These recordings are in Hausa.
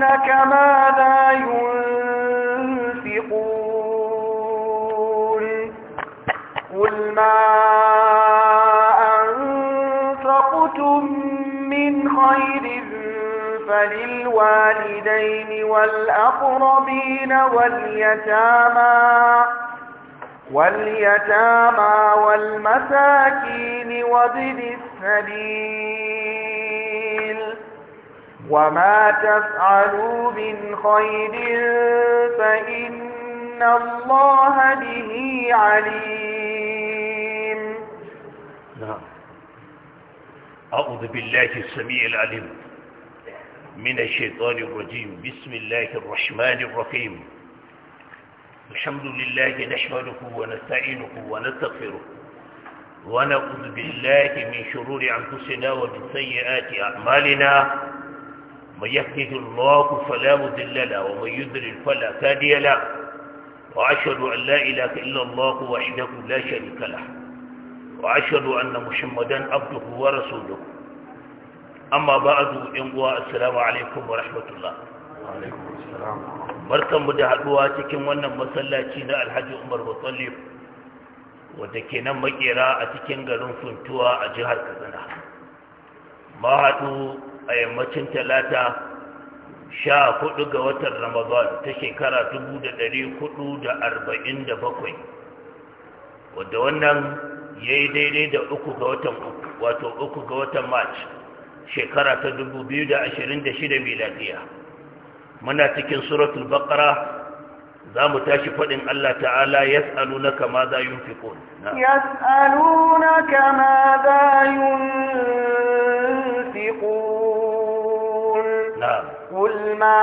يسألونك ماذا ينفقون قل ما أنفقتم من خير فللوالدين والأقربين واليتامى واليتامى والمساكين وابن السبيل وما تفعلوا من خير فإن الله به عليم نعم أعوذ بالله السميع العليم من الشيطان الرجيم بسم الله الرحمن الرحيم الحمد لله نحمده ونستعينه ونستغفره ونعوذ بالله من شرور أنفسنا ومن سيئات أعمالنا من يهده الله فلا مضل له ومن يضلل فلا هادي له واشهد ان لا اله الا الله وحده لا شريك له واشهد ان محمدا عبده ورسوله اما بعد ان السلام عليكم ورحمه الله وعليكم السلام barkan mu da haduwa cikin wannan masallaci na Alhaji Umar Mutallib wanda ke nan makera a cikin garin Funtuwa a jihar Katsina ma haɗu a yammacin talata sha hudu ga watan ramadan ta shekara dubu da dari hudu da arba'in da bakwai wadda wannan ya yi daidai da uku ga watan uku wato uku ga watan march shekara ta dubu biyu da ashirin da shida miladiya muna cikin suratul baqara za mu tashi faɗin Allah ta'ala ya tsalu na kama za yun fi ƙon. Ya tsalu yun نعم قل ما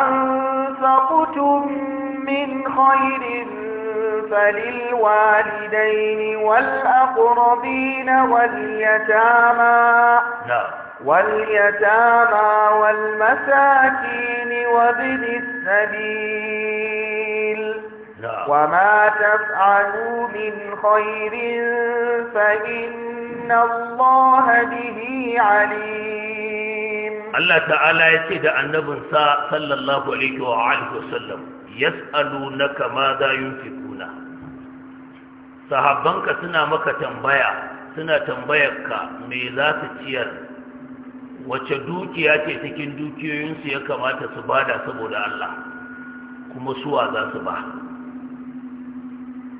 أنفقتم من خير فللوالدين والأقربين واليتامى نعم واليتامى والمساكين وابن السبيل نعم. وما تفعلوا من خير فإن الله به عليم Allah ta'ala ya ce da annabinsa sallallahu alaihi wa alihi wasallam naka ma za yunfikuna ka suna maka tambaya suna tambayarka me za su ciyar wace dukiya ce cikin dukiyoyinsu ya kamata su bada saboda Allah kuma suwa za su ba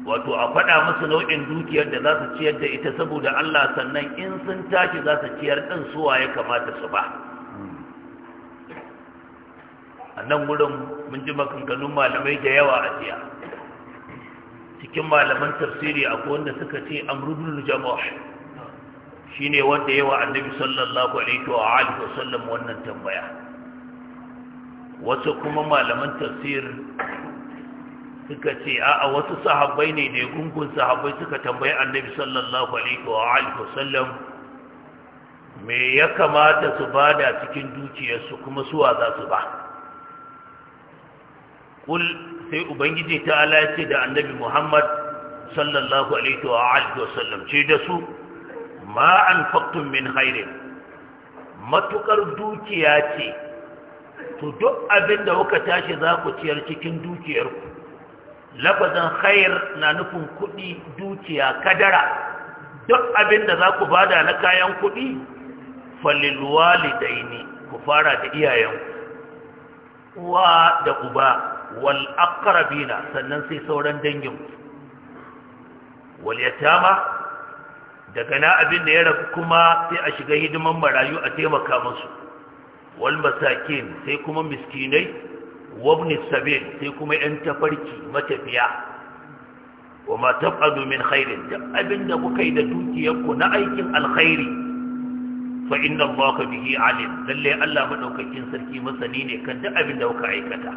wato a faɗa musu nau'in dukiyar da za su ciyar da ita saboda Allah sannan in sun tashi za su ciyar ɗin suwa ya kamata su ba a nan wurin mun ji maganganun malamai da yawa a jiya cikin malaman tafsiri akwai wanda suka ce amrudul jama'a shine wanda yawa annabi sallallahu alaihi wa alihi wa sallam wannan tambaya wasu kuma malaman tafsir suka ce a'a wasu sahabbai ne ne gungun sahabbai suka tambayi annabi sallallahu alaihi wa alihi wa sallam me ya kamata su bada cikin dukiyarsu kuma suwa za su ba kul sai ubangiji ta ala ce da annabi muhammad sallallahu alaihi wa alihi wa sallam ce da su ma an faktun min khairin matukar dukiya ce to duk abin da kuka tashi za ku ciyar cikin dukiyarku lafazin khair na nufin kuɗi dukiya kadara duk abin da za ku bada na kayan kuɗi falilwalidaini ku fara da iyayenku uwa da uba wal aqrabina sannan sai sauran dangin wal daga na abin da ya rabu kuma sai a shiga hidiman marayu a taimaka musu wal masakin sai kuma miskinai wabni sabil sai kuma yan tafarki matafiya wa ma tab'adu min khairin da abin da kuka yi da dukiyarku na aikin alkhairi fa inna allaha bihi alim lalle Allah maɗaukakin sarki masani ne kan duk abin da kuka aikata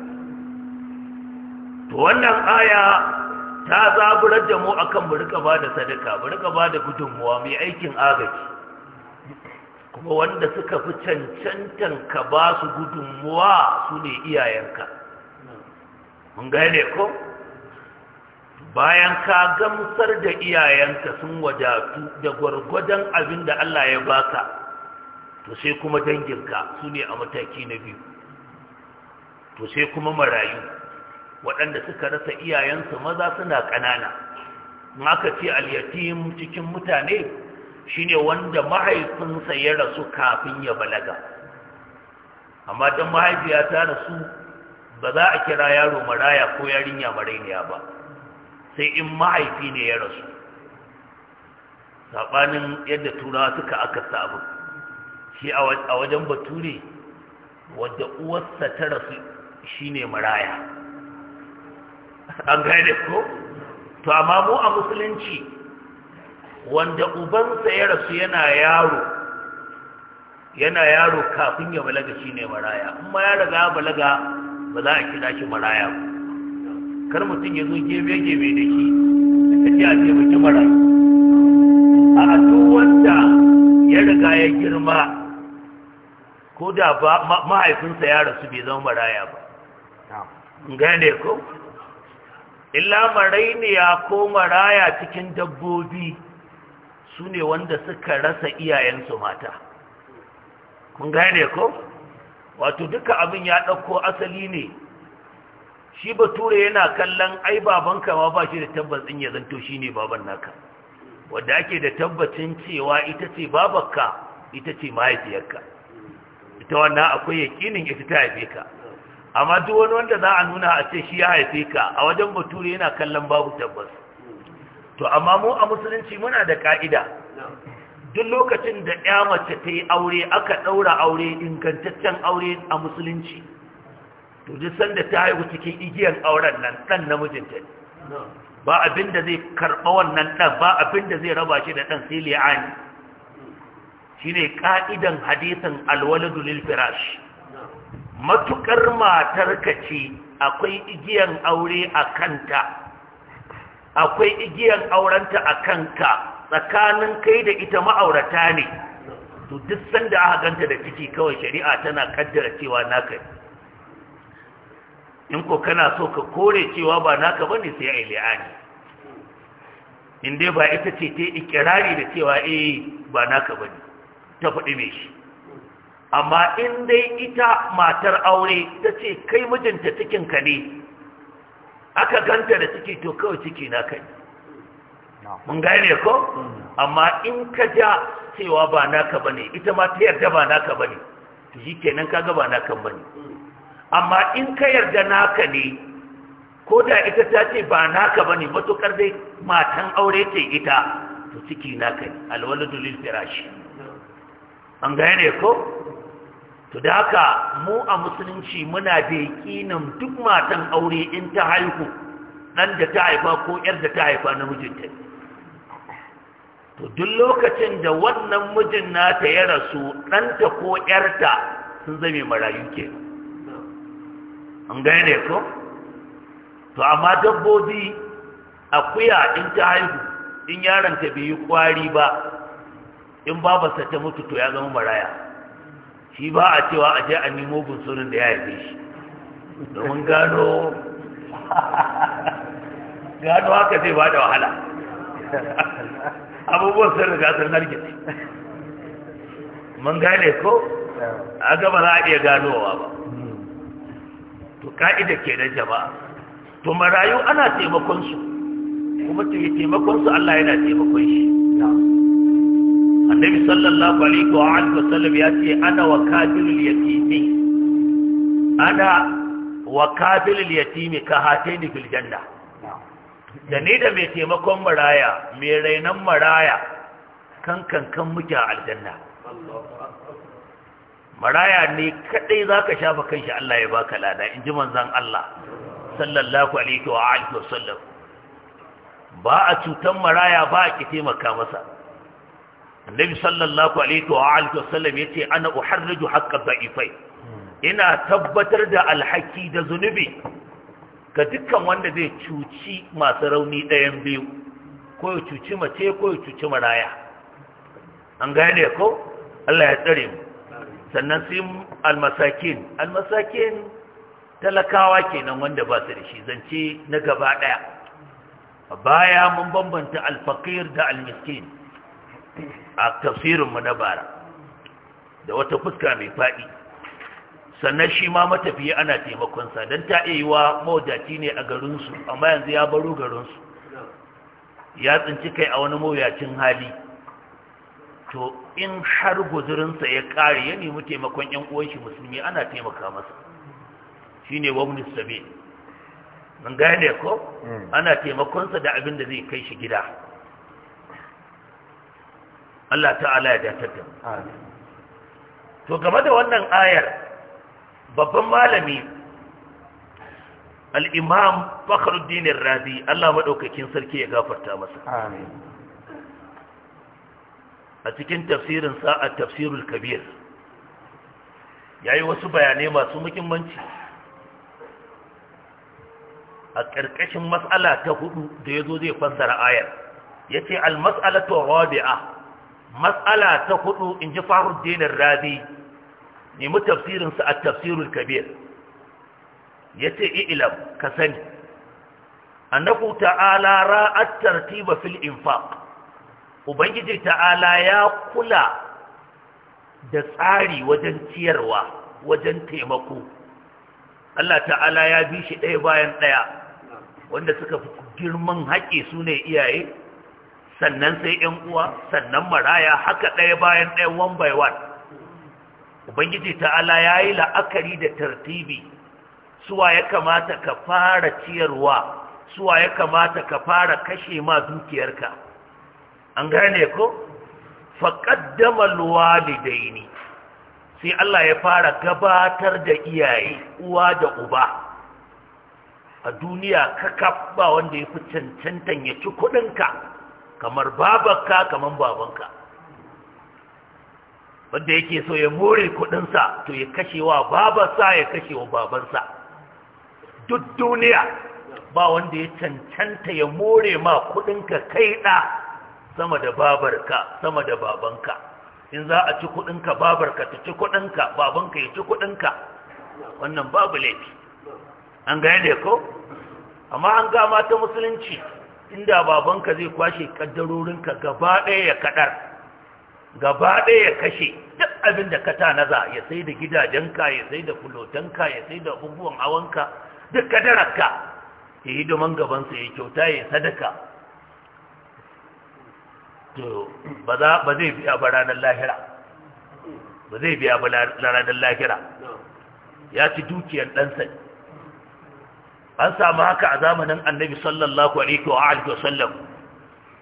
to wannan aya ta zaburar da mu akan mu rika ba sadaka mu rika ba da gudunmuwa mai aikin agaji kuma wanda suka fi cancantan ka ba su gudunmuwa su ne iyayenka mun gane ko bayan ka gamsar da iyayenka sun wadatu da gwargwadon abin da Allah ya baka to sai kuma danginka su ne a mataki na biyu to sai kuma marayu waɗanda suka rasa iyayensu maza suna ƙanana maka ce alyatim cikin mutane shine wanda mahaifinsa ya rasu kafin ya balaga amma don mahaifiya ta rasu ba za a kira yaro maraya ko yarinya marainiya ba sai in mahaifi ne ya rasu saɓanin yadda turawa suka aka sabu shi a wajen bature wadda uwarsa ta rasu shine maraya an gane ko to amma mu a musulunci wanda ubansa ya rasu yana yaro yana yaro kafin ya balaga shi ne maraya amma ya riga balaga ba za a kira shi maraya kar mutum ya zo gebe-gebe da shi da ce a ce mutum maraya a duk wanda ya riga ya girma ko da mahaifinsa ya rasu bai zama maraya ba gane ko illa marainiya ko maraya cikin dabbobi su ne wanda suka rasa iyayensu mata kun gane ko wato duka abin ya ɗauko asali ne shi bature yana kallon ai babanka ma ba shi da tabbacin ya zanto shi ne baban naka wadda ake da tabbacin cewa ita ce babakka ita ce mahaifiyarka ita wannan akwai yakinin ita ta haife ka amma duk wani wanda za a nuna a ce shi ya haife ka a wajen bature yana kallon babu tabbas to amma mu a musulunci muna da ka'ida duk lokacin da ya mace ta yi aure aka ɗaura aure ingantaccen aure a musulunci to duk sanda ta haihu cikin igiyan auren nan ɗan ta ne ba abin da zai karɓa wannan ɗan ba abin da zai raba shi da ɗan sai li'ani shine ka'idan hadisin alwaladu lil firash matukar matarka ce akwai igiyan aure a kanta akwai igiyan aurenta a kanka tsakanin kai da ita ma'aurata ne to duk sanda aka ganta da ciki kawai shari'a tana kaddara cewa naka in ko kana so ka kore cewa ba naka bane sai ai li'ani in dai ba ita ce ta ikirari da cewa eh ba naka bane ta faɗi me shi amma in dai ita matar aure ta ce kai mijinta cikinka ne aka ganta da ciki to kawai ciki na kai mun gane ko amma in ka ja cewa ba naka bane ita ma ta yarda ba naka bane to ka kaga ba naka bane amma in ka yarda naka ne ko da ita ta ce ba naka bane matukar dai matan aure ce ita to ciki na kai alwaladu lil firashi an gane ko to da haka mu a musulunci muna da yakinin duk matan aure in ta haihu dan da ta haifa ko yar da ta haifa na mijinta to duk lokacin da wannan mijin nata ya rasu ɗanta ko yarta sun zame marayu ke an gane ko to amma dabbobi akuya in ta haihu in yaron bai yi kwari ba in babarsa ta mutu to ya zama maraya shi ba a cewa a je a nemo bunsurin da ya haife shi domin gano gano haka zai ba da wahala abubuwan sun riga sun hargitsi mun gane ko a gaba za a iya ganowa ba to ka'ida ke na jama'a to marayu ana taimakonsu kuma taimakonsu Allah yana taimakon shi annabi sallallahu alaihi wa alihi wasallam ya ce ana wa kabilul yatimi ana wa yatimi ka hataini fil janna da ni da mai taimakon maraya mai rainan maraya kan kankan muke a aljanna maraya ne kadai za ka shafa kanshi Allah ya baka lada in ji manzan Allah sallallahu alaihi wa alihi wasallam ba a cutan maraya ba a ki taimaka masa nabi sallallahu alaihi wa alihi wasallam yace ana uharriju haqqad da'ifai ina tabbatar da alhaki da zunubi ga dukkan wanda zai cuci masu rauni ɗayan biyu ko ya cuci mace ko ya cuci maraya an gane ko Allah ya tsare mu sannan sai almasakin almasakin talakawa kenan wanda ba su da shi zance na gaba ɗaya baya mun bambanta alfaqir da almiskin a tafsirinmu na bara da wata fuska mai faɗi sannan shi ma matafiya ana taimakonsa don ta iya wa mawadaci ne a garinsu amma yanzu ya baro garinsu ya tsinci kai a wani mawuyacin hali to in har guzurinsa ya ƙare ya nemi taimakon 'yan uwanshi musulmi ana taimaka masa shi ne wamni sabi mun gane ko hmm. ana taimakonsa da abin da zai kai shi gida Allah ta'ala ya datar da to game da wannan ayar babban malami al'imam fakhruddin razi Allah maɗaukakin sarki ya gafarta masa a cikin tafsirin sa'a tafsirul kabir ya yi wasu bayanai masu muhimmanci a ƙarƙashin matsala ta hudu da ya zo zai fassara ayar ya ce al-mas'alatu rabi'a matsala ta hudu in ji faruddin razi nemi tafsirinsa a tafsirul kabir ya ce ilam ka sani annahu ta'ala ra'at tartiba fil infaq ubangiji ta'ala ya kula da tsari wajen ciyarwa wajen taimako Allah ta'ala ya bi shi ɗaya bayan ɗaya wanda suka fi girman haƙe su ne iyaye sannan sai ‘yan uwa sannan maraya haka ɗaya bayan ɗaya one by one ubangiji ta Ala ya yi la'akari da tartibi suwa ya kamata ka fara ciyarwa suwa ya kamata ka fara kashe ma dukiyarka an gane ko faƙaddamar walidaini sai Allah ya fara gabatar da iyaye uwa da uba a duniya ka ba wanda ya fi cancantan ya ci kuɗinka kamar babarka kamar babanka wanda yake so ya more kudinsa to ya kashe wa babansa ya kashe wa babansa duk duniya ba wanda ya cancanta ya more ma kudinka kai da sama da babarka sama da babanka in za a ci kudinka babarka ta ci kudinka babanka ya ci kudinka wannan babu laifi an gane ko amma an gama ta musulunci inda babanka zai kwashe kaddarorinka gaba ɗaya ya kaɗar gaba ɗaya ya kashe duk abin da ka tanaza ya sai da gidajenka ya sai da fulotanka ya sai da abubuwan awanka duk kadararka ya yi domin gabansa ya kyauta ya sadaka to ba zai biya ba ranar lahira ba zai biya ba ranar lahira ya ci dukiyar ɗansa an samu haka a zamanin annabi sallallahu alaihi wa alihi wasallam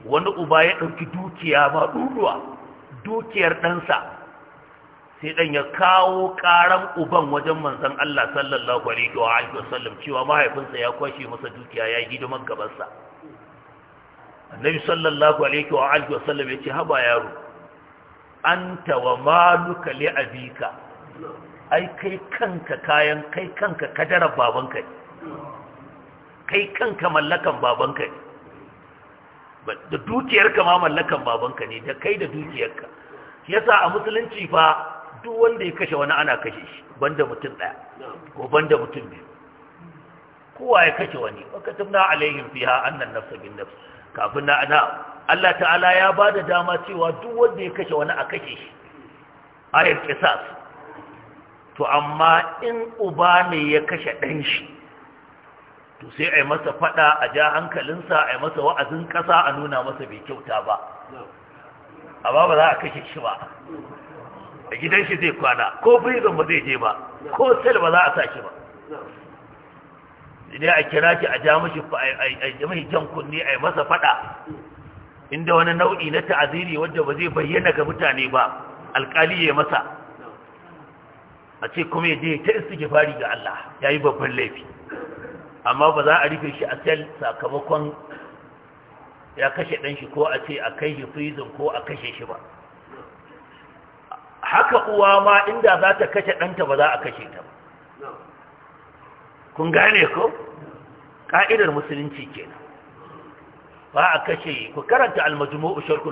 wani uba ya ɗauki dukiya ba duruwa dukiyar ɗansa sai ɗan ya kawo ƙaran uban wajen manzon Allah sallallahu alaihi wa alihi wasallam cewa mahaifinsa ya kwashe masa dukiya ya yi gaban gabansa annabi sallallahu alaihi wa alihi wasallam ya ce haba yaro anta wa maluka li abika ai kai kanka kayan kai kanka kadara babanka ne kai kanka mallakan babanka ne da dukiyarka ma mallakan babanka ne da kai da dukiyarka yasa a musulunci fa duk wanda ya kashe wani ana kashe shi banda mutum ɗaya ko banda mutum biyu kowa ya kashe wani wakatumna alaihim fiha annan nafsa bin nafs kafin na ana Allah ta'ala ya ba da dama cewa duk wanda ya kashe wani a kashe shi ayar kisas to amma in uba ne ya kashe ɗan shi to sai a yi masa fada a ja hankalinsa a yi masa wa'azin ƙasa a nuna masa bai kyauta ba amma ba za a kashe shi ba a gidan shi zai kwana ko prison ba zai je ba ko sel ba za a sa shi ba idan a kira shi a ja mashi jan kunni a yi masa fada inda wani nau'i na ta'aziri wadda ba zai bayyana ga mutane ba alkali ya masa a ce kuma ya je ta gifari ga Allah ya yi babban laifi amma ba za a rufe shi a sel sakamakon ya kashe ɗanshi ko a ce a kai shi ko a kashe shi ba haka uwa ma inda za ta kashe ɗanta ba za a kashe ta ba kun gane ko ƙa'idar musulunci ke. ba a kashe ku karanta al-majmu'u sharh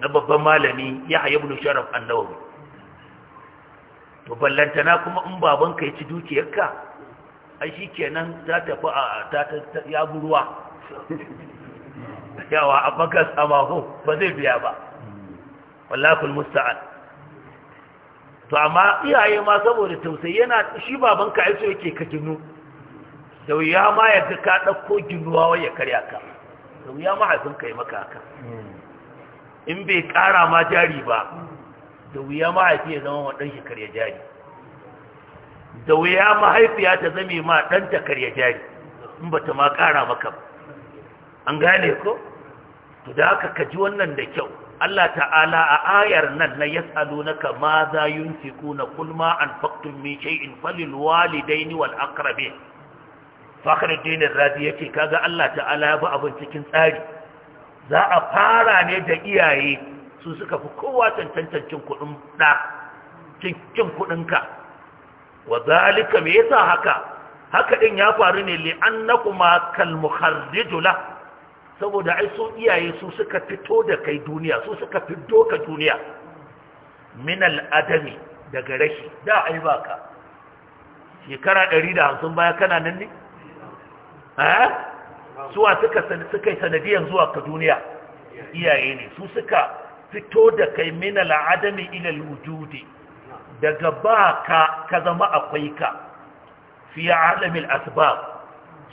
na babban malami Yahya ibn Sharaf an ballantana kuma in babanka ya ci dukiyarka ai shi kenan ta fi a ta ya ruwa yawa a makas a maho ba zai biya ba wallakul musta'an to amma iyaye ma saboda tausayi yana shi babanka ka aiso yake ka ginu da wuya ma ya ga ka ɗauko ginuwa wai ya karya ka da wuya ma ka yi maka haka in bai ƙara ma jari ba da wuya ma mahaifi ya zama waɗanshi karya jari da wuya mahaifiya ta zame ma ɗanta karya jari in ba ta ma ƙara maka ba an gane ko to da haka ka ji wannan da kyau Allah ta'ala a ayar nan na yas'alunaka ma za yunfiquna an ma anfaqtum min shay'in falil walidaini wal aqrabin fakhruddin razi yace kaga Allah ta'ala ya bi abin cikin tsari za a fara ne da iyaye su suka fi kowa tantancin kudin da cin kudin ka wa zalika me yasa haka haka din ya faru ne li annakuma kal mukharrijula saboda ai su iyaye su suka fito da kai duniya su suka fito ka duniya min al adami daga rashi da ai baka shekara 150 baya kana nan ne eh suwa suka suka yi sanadiyan zuwa ka duniya iyaye ne su suka fito da kai min al adami ila al wujudi daga ba ka ka zama akwai ka fiye alamin asbab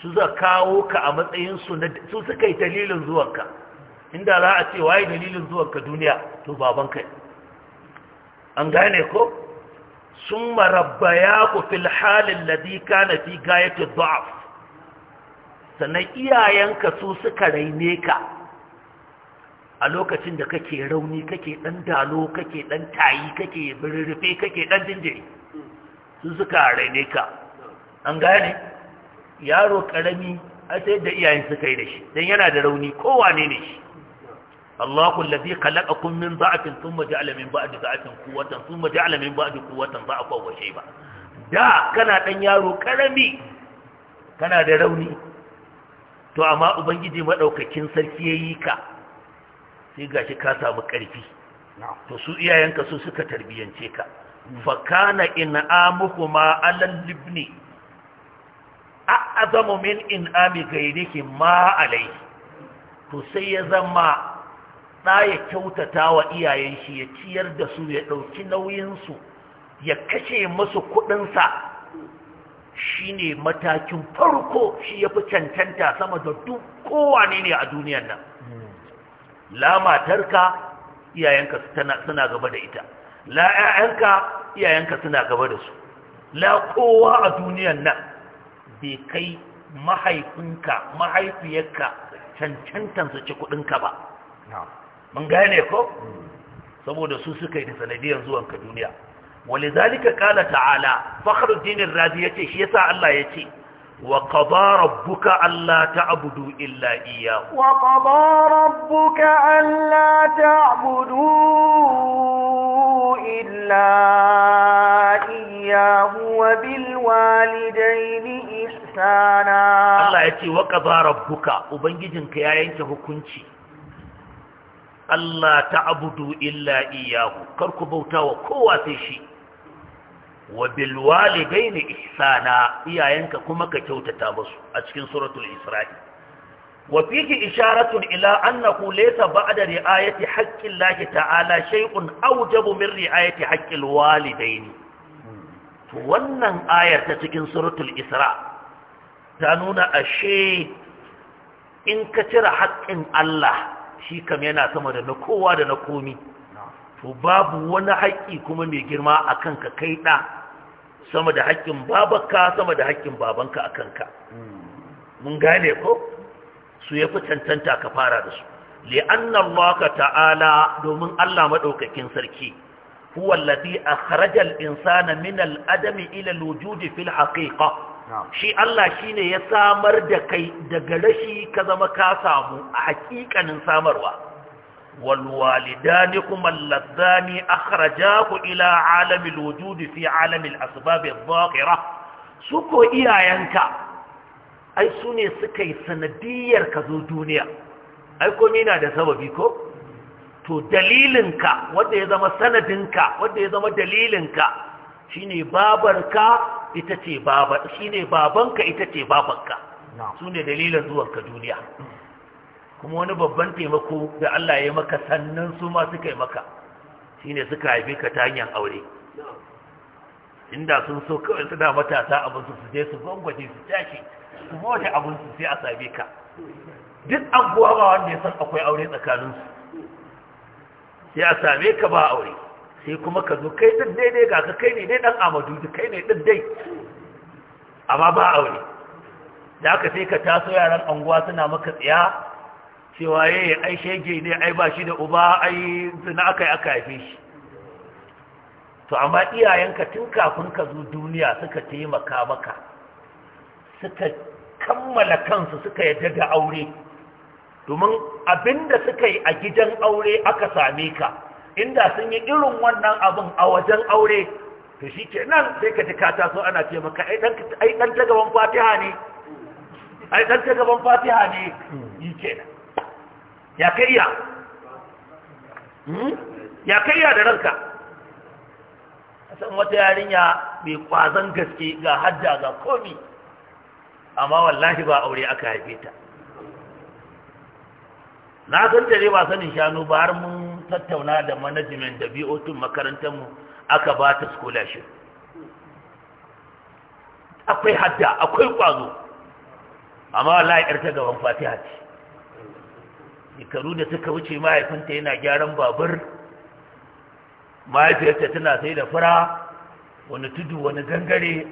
su za kawo ka a matsayin su suka yi dalilin zuwanka inda za a ce waye dalilin zuwanka duniya to baban kai an gane ko sun ya ku fil halin ladika na fi gayatun du'af sannan iyayenka su suka raine ka a lokacin da kake rauni kake dan dalo kake dan tayi kake birrufe kake dan dindiri sun suka raine ka an gane yaro karami a sai da iyayen suka yi da shi dan yana da rauni wane ne shi Allahu allazi khalaqakum min dha'fin thumma ja'ala min ba'di dha'fin quwwatan thumma ja'ala min ba'di quwwatan dha'fan wa shayba da kana dan yaro karami kana da rauni to amma ubangiji madaukakin sarki yayi ka sai ga shi ka samu ƙarfi to su iyayenka su suka tarbiyance ka fakana ma alal libni azamu min in'ami gairiki ma alai to sai ya zama da ya kyautata wa iyayen shi ya ciyar da su ya ɗauki nauyinsu ya kashe musu kuɗinsa sa shine matakin farko shi yafi cancanta sama da duk kowane ne a duniyar nan la matarka iyayenka suna gaba da ita la ƴaƴanka iyayenka suna gaba da su la kowa a duniyan nan bai kai mahaifinka mahaifiyarka cancantan su ci kuɗinka ba mun gane ko saboda su suka yi da sanadiyar zuwanka duniya walizalika kala ta'ala fakhruddin razi yace shi yasa Allah yace وقضى ربك ألا تعبدوا إلا إياه وقضى ربك ألا تعبدوا إلا إياه وبالوالدين إحسانا الله يتي وقضى ربك وبنجدنك يا ينته كنتي ألا تعبدوا إلا إياه كركبوتا وقوة شيء wa bil walidaini ihsana iyayenka kuma ka kyautata musu a cikin suratul isra'i wa fihi isharatun ila annahu laysa ba'da ri'ayati haqqi lahi ta'ala shay'un awjabu min ri'ayati haqqi al walidaini to wannan ayar ta cikin suratul isra ta nuna ashe in ka cire haƙƙin Allah shi kam yana sama da na kowa da na komi to babu wani haƙƙi kuma mai girma a ka kai ɗa sama da haƙƙin babanka sama da haƙƙin babanka a kanka mun gane ko su ya fi cancanta ka fara da su li'annan maka ta'ala domin Allah maɗaukakin sarki huwa lati a harajar insana min al'adami ila lujudi fil haƙiƙa shi Allah shi ne ya samar da kai daga rashi ka zama ka samu a haƙiƙanin samarwa والوالدان هما اللذان أخرجاه إلى عالم الوجود في عالم الأسباب الظاهرة سكو إيا ينكا أي سوني سكي سندير كذو دنيا أي كمينا دا سببيكو to dalilinka wanda ya zama sanadinka wanda ya zama dalilinka shine babarka ita ce babanka ita ce babanka sune dalilan zuwanka duniya kuma wani babban taimako da Allah ya maka sannan su ma suka yi maka shine suka haife ka ta hanyar aure inda sun so kawai suna matasa abin su je su gwangwaje su tashi su mota abin su sai a same ka duk anguwa ba wanda ya san akwai aure tsakaninsu sai a same ka ba aure sai kuma ka zo kai din daidai ga ka kai ne dai dan amadu kai ne ɗin dai amma ba aure da aka sai ka taso yaran anguwa suna maka tsiya cewa yi ai shege ne ai ba shi da uba ai zina aka yi aka haife shi to amma iyayenka tun kafin ka zo duniya suka taimaka maka suka kammala kansu suka yadda da aure domin abinda suka yi a gidan aure aka same ka inda sun yi irin wannan abin a wajen aure to shi ke nan sai ka ji kata so ana ce maka ai ɗan ta gaban fatiha ne ai ɗan ta fatiha ne yi kenan ya ka hmm? ya da ranka san wata yarinya mai kwazon gaske ga hajja ga komi amma wallahi ba aure aka haife ta na san tare ba sanin shanu ba har mun tattauna da management da BOT makarantarmu aka ba ta scholarship akwai hadda akwai kwazo amma wallahi yar ta gaban fatiha ce shekaru da suka wuce mahaifinta yana gyaran babur mahaifiyarta tana sai da fura wani tudu wani gangare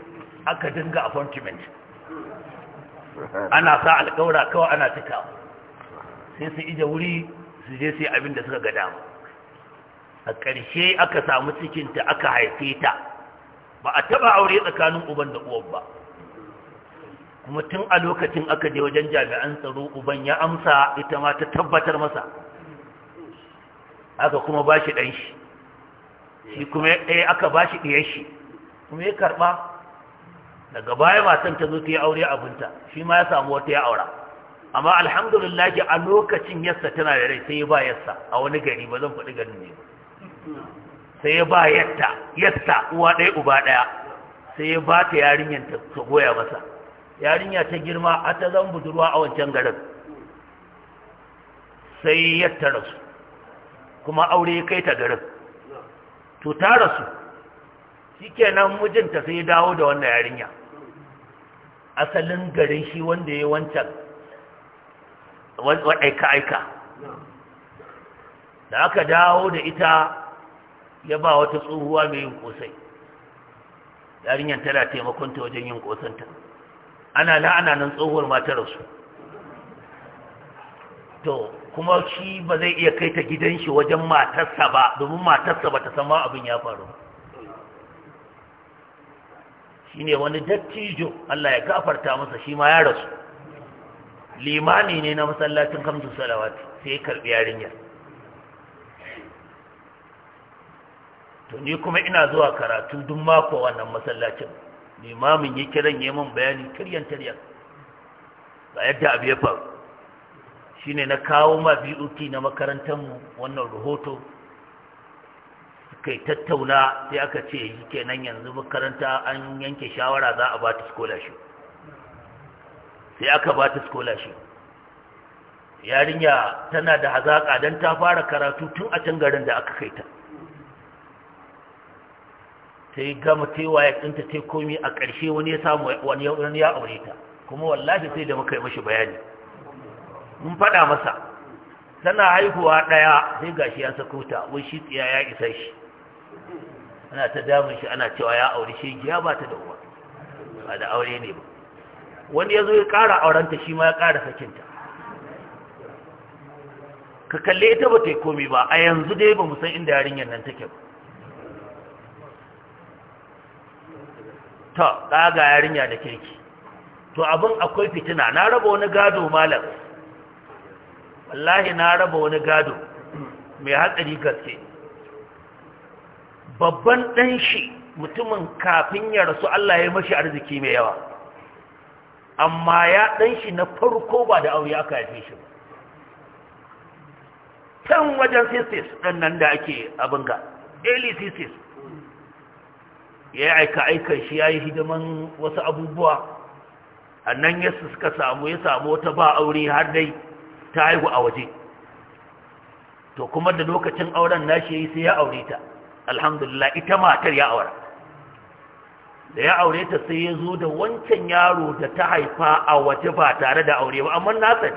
aka dinga appointment ana sa alkawara kawai ana cika sai su ije wuri su je sai abin da suka ga dama a ƙarshe aka samu cikinta aka haife ta ba a taba aure tsakanin uban da uwan ba Mutum a lokacin aka je wajen jami'an tsaro uban ya amsa ita ma ta tabbatar masa aka kuma ba shi ɗanshi shi kuma ɗaya eh, aka ba shi ɗiyar shi kuma ya karɓa daga baya matan ta zo ta yi aure abinta shi ma ya samu wata ya aura amma alhamdulillah a lokacin yassa tana da rai sai ya ba yassa a wani gari ba zan faɗi garin ne ba sai ya ba yatta yassa uwa ɗaya uba ɗaya sai ya ba ta yarinyar ta goya masa yarinya ta girma a ta zan budurwa a wancan garin sai ya tara su kuma aure ya kai ta garin to ta rasu shikenan mijinta sai ya dawo da wannan yarinya asalin garin shi wanda ya wancan aika aika da aka dawo da ita ya ba wata tsohuwa mai yin kosai yarinyar tana taimakonta wajen yin kosanta ana na ana nan tsohuwar matar su to kuma shi ba zai iya kai ta gidan shi wajen matarsa ba domin matarsa ba ta san ma abin ya faru Shi ne wani dattijo Allah ya gafarta masa shi ma ya rasu limani ne na masallacin Kamtu salawat sai karbi yarinyar to ni kuma ina zuwa karatu duk mako wannan masallacin limamin ya kiran ya min bayani kiryan taryan Ba yadda abu ya faru shine na kawo ma BOT na makarantar mu wannan rahoto kai tattauna sai aka ce yi kenan yanzu makaranta an yanke shawara za a ba ta scholarship sai aka ba ta scholarship yarinya tana da hazaƙa don ta fara karatu tun a can garin da aka kaita ta ta yi gama ta yi waya ɗinta ta komi a ƙarshe wani ya samu wani ya aure ta kuma wallahi sai da muka yi mashi bayani mun faɗa masa tana haihuwa ɗaya sai gashi ya sako ta wai shi tsiya ya isa shi ana ta damun shi ana cewa ya aure shi ya ba ta da uwa ba da aure ne ba wani ya zo ya ƙara aurenta shi ma ya ƙara sakinta ka kalle ita ba ta yi komi ba a yanzu dai ba mu san inda yarinyar nan take ba ta kaga yarinya da kirki to abin akwai fitina na raba wani gado malam wallahi na raba wani gado mai hatsari gaske babban ɗan shi mutumin kafin ya rasu Allah ya mashi arziki mai yawa amma ya ɗan shi na farko ba da aure aka haife shi ba. can wajen sisis ɗan nan da ake abin ga daily ya yi aika aikan shi ya yi hidiman wasu abubuwa a nan ya suka samu ya samu wata ba aure har dai ta haihu a waje to kuma da lokacin auren nashi yi sai ya aure ta alhamdulillah ita matar ya aura da ya aure ta sai ya zo da wancan yaro da ta haifa a waje ba tare da aure ba amma na ne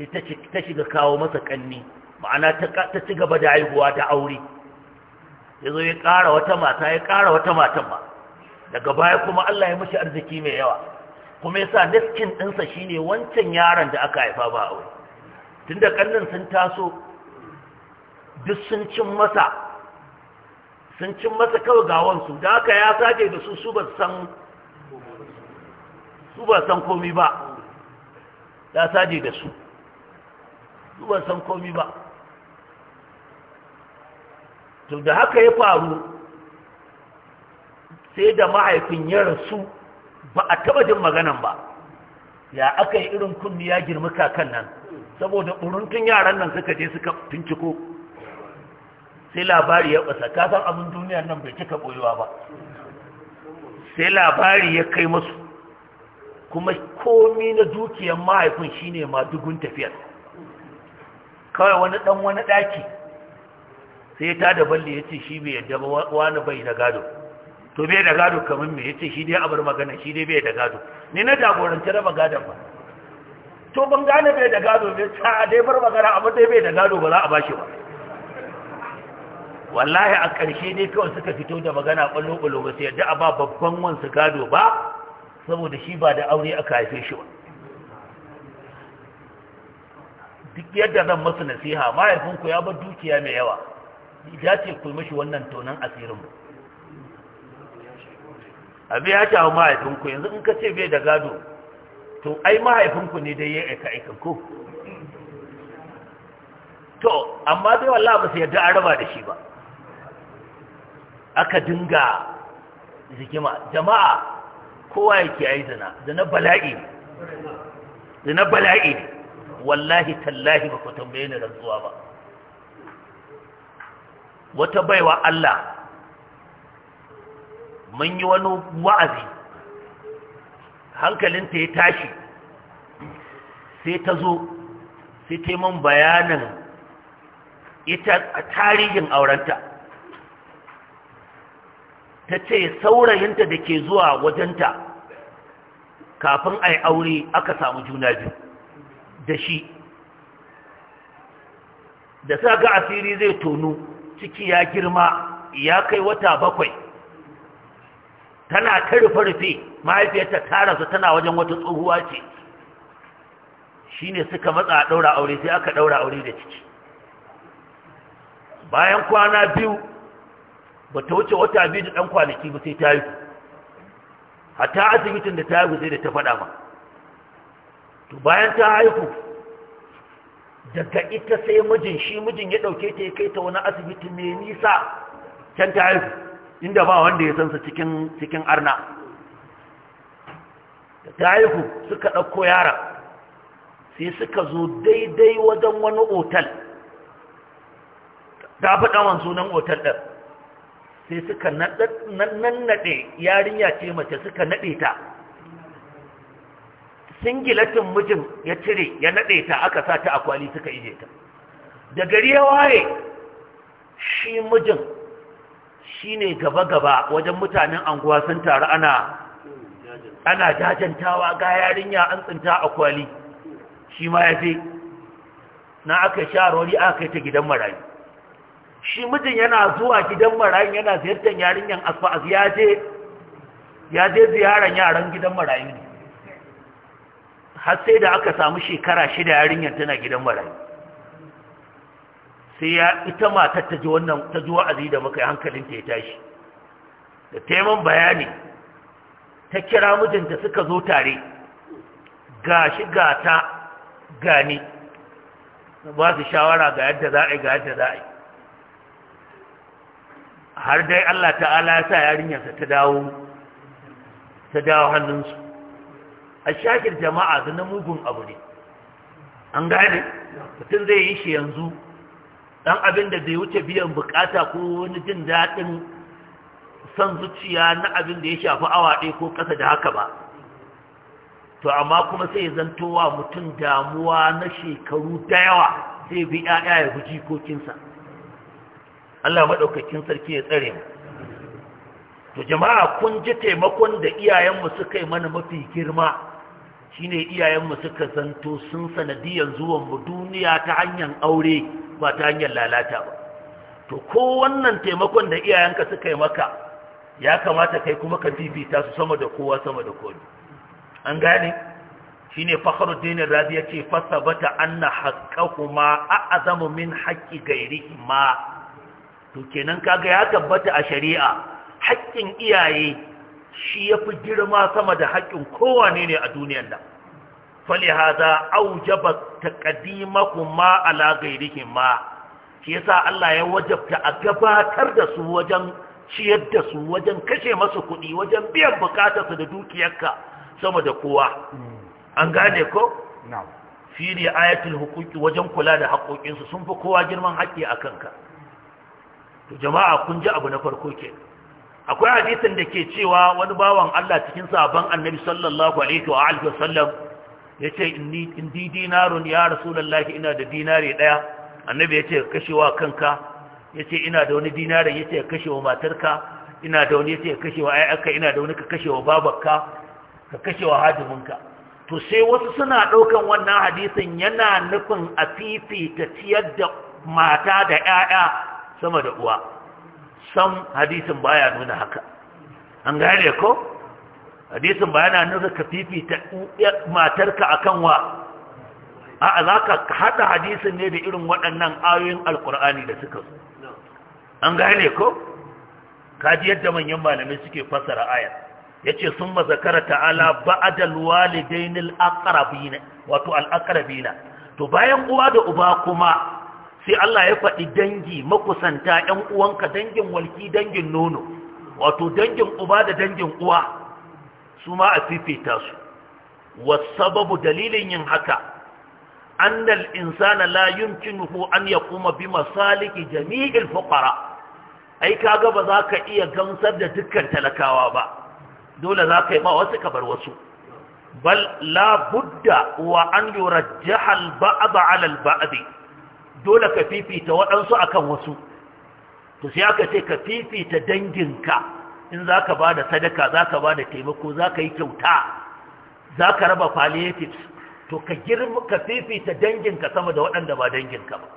sai ta shiga kawo masa kanni ma'ana ta ci gaba da haihuwa da aure ya zo ya ƙara wata mata ya ƙara wata matan ba daga baya kuma Allah ya mashi arziki mai yawa kuma ya sa niskin ɗinsa shi ne wancan yaron da aka haifa ba aure tun da ƙannin sun taso duk sun cin masa sun cin masa kawai gawansu da aka ya sake da su su ba san su ba san komi ba ya saje da su su ba san komi ba to da haka ya faru sai da mahaifin ya rasu ba a taba jin maganan ba ya aka yi irin kunni ya girma kakan nan saboda buruntun yaran nan suka je suka binciko sai labari ya ɓasa kasan abin duniyar nan bai cika ɓoyewa ba sai labari ya kai masu kuma komi na dukiyar mahaifin shine ma dugun tafiyar kawai wani ɗan wani ɗaki sai ta da balli ya ce shi bai yadda ba wani bai da gado to bai da gado kamar mai ya ce shi dai abar magana shi dai bai da gado ni na jagoranci raba gadon ba to ban gane bai da gado bai ta dai bar magana amma dai bai da gado ba za a bashi ba wallahi a ƙarshe dai kawai suka fito da magana ɓallo-ɓallo ba sai yadda a ba babban wansu gado ba saboda shi ba da aure aka haife shi ba duk yadda zan masu nasiha mahaifinku ya bar dukiya mai yawa ya ce ku wannan tonan asirin mu abi ya ta mahaifinku yanzu in ka ce bai da gado to ai mahaifinku ne dai ya aika aika ko to amma dai wallah ba su yarda araba raba da shi ba aka dinga zikima jama'a kowa yake yi zina zina bala'i zina bala'i wallahi tallahi ba ku tambaye ni rantsuwa ba wata baiwa Allah mun yi wani wa'azi hankalinta ya tashi sai ta zo sai ta mun bayanin ita a tarihin aurenta ta ce saurayinta da ke zuwa wajenta kafin a yi aure aka samu juna biyu da shi da sa ga asiri zai tonu ciki ya girma ya kai wata bakwai tana ta rufe-rufe mahaifiyarta ta rasu tana wajen wata tsohuwa ce shi ne suka matsa a ɗaura aure sai aka ɗaura aure da ciki bayan kwana biyu ba ta wuce wata biyu da ɗan kwanaki ba sai ta yi hata asibitin da ta yi sai da ta faɗa ba, to bayan ta haihu daga ita sai mijin shi mijin ya ɗauke ta ya kai ta wani asibiti mai nisa can ta haihu inda ba wanda ya san cikin cikin arna Da ta haihu suka ɗauko yara sai suka zo daidai wajen wani otal ta fi wan sunan otal ɗin sai suka nannaɗe yarinya ce mace suka naɗe ta singilatin mijin ya cire ya nade ta aka sa ta a kwali suka ije ta da gari ya waye shi mijin shi ne gaba-gaba wajen mutanen anguwa sun taru ana ana jajantawa ga yarinya an tsinta a kwali shi ma ya je na aka sharori aka kai ta gidan marayu shi mijin yana zuwa gidan marayu yana ziyartar yarinyan asfa ya je ya yaran gidan marayu ne har sai da aka samu shekara shida yarinyar tana gidan marayu sai ya ita matar ta ji wannan ta ji wa'azi da muka yi hankalinta ya tashi da taiman bayani ta kira mijinta suka zo tare ga shi ga ta gani ba su shawara ga yadda za a yi ga yadda za a yi har dai Allah ta'ala ya sa yarinyarsa ta dawo ta dawo hannunsu a shakir jama'a da na mugun abu ne an gane mutum zai yi shi yanzu dan abin da zai wuce biyan bukata ko wani jin daɗin son zuciya na abin da ya shafi awa ɗaya ko ƙasa da haka ba to amma kuma sai ya zanto wa mutum damuwa na shekaru da yawa sai bi ‘ya'ya ya guji kokinsa Allah maɗaukakin sarki ya tsare mu to jama'a kun ji taimakon da iyayenmu suka yi mana mafi girma shine iyayenmu suka santo sun sanadiyar zuwanmu duniya ta hanyar aure ba ta hanyar lalata ba to ko wannan taimakon da iyayenka suka yi maka ya kamata kai kuma ka fifita su sama da kowa sama da kowa an gane shine fakhruddin razi yace fasabata anna haqqahuma a'zamu min haqqi ma. to kenan kaga ya tabbata a shari'a haƙƙin iyaye shi ya fi girma sama da haƙƙin kowane ne a duniyan nan falihaza aujaba ƙadima kuma ala gairikin ma shi yasa Allah ya wajabta a gabatar da su wajen ciyar da su wajen kashe masu kuɗi wajen biyan bukatarsu da dukiyarka sama da kowa an gane ko na'am ayatul hukuki wajen kula da haƙoƙinsu sun fi kowa girman haƙƙi a kanka. to jama'a kun ji abu na farko ke. akwai hadisin da ke cewa wani bawan Allah cikin sabon annabi sallallahu alaihi wa alihi wasallam ya ce di dinarun ya rasulullahi ina da dinari daya annabi ya ce kashewa kanka ya ce ina da wani dinari ya ce kashewa matarka ina da wani ya ce kashewa ayyaka ina da wani ka kashewa babarka ka kashewa hadiminka to sai wasu suna ɗaukan wannan hadisin yana nufin a fifita ciyar da mata da 'ya'ya sama da uwa sam hadisin baya nuna haka an gane ko hadisin baya na nuna ka fifita matarka akan wa a za ka haɗa hadisin ne da irin waɗannan ayoyin alkur'ani da suka zo an gane ko kaji yadda manyan malamai suke fasara ayar yace sun mazakara ta'ala ba'da walidainil aqrabina wato alaqrabina to bayan uwa da uba kuma sai Allah ya faɗi dangi makusanta ‘yan uwanka dangin walki dangin nono wato dangin uba da dangin uwa su ma a fifita su wasababu dalilin yin haka annal insana la yumkinuhu an kuma bi masaliki jami'il fuqara ai kaga ba za ka iya gamsar da dukkan talakawa ba dole za ka yi ba wasu kabar wasu bal la budda wa an yurajjaha al ba'd ala al dole ka fifita waɗansu akan wasu to sai aka ce ka fifita danginka in za ka ba da sadaka za ka ba da taimako za ka yi kyauta za ka raba palliatives to ka girma ka fifita danginka sama da waɗanda ba danginka ba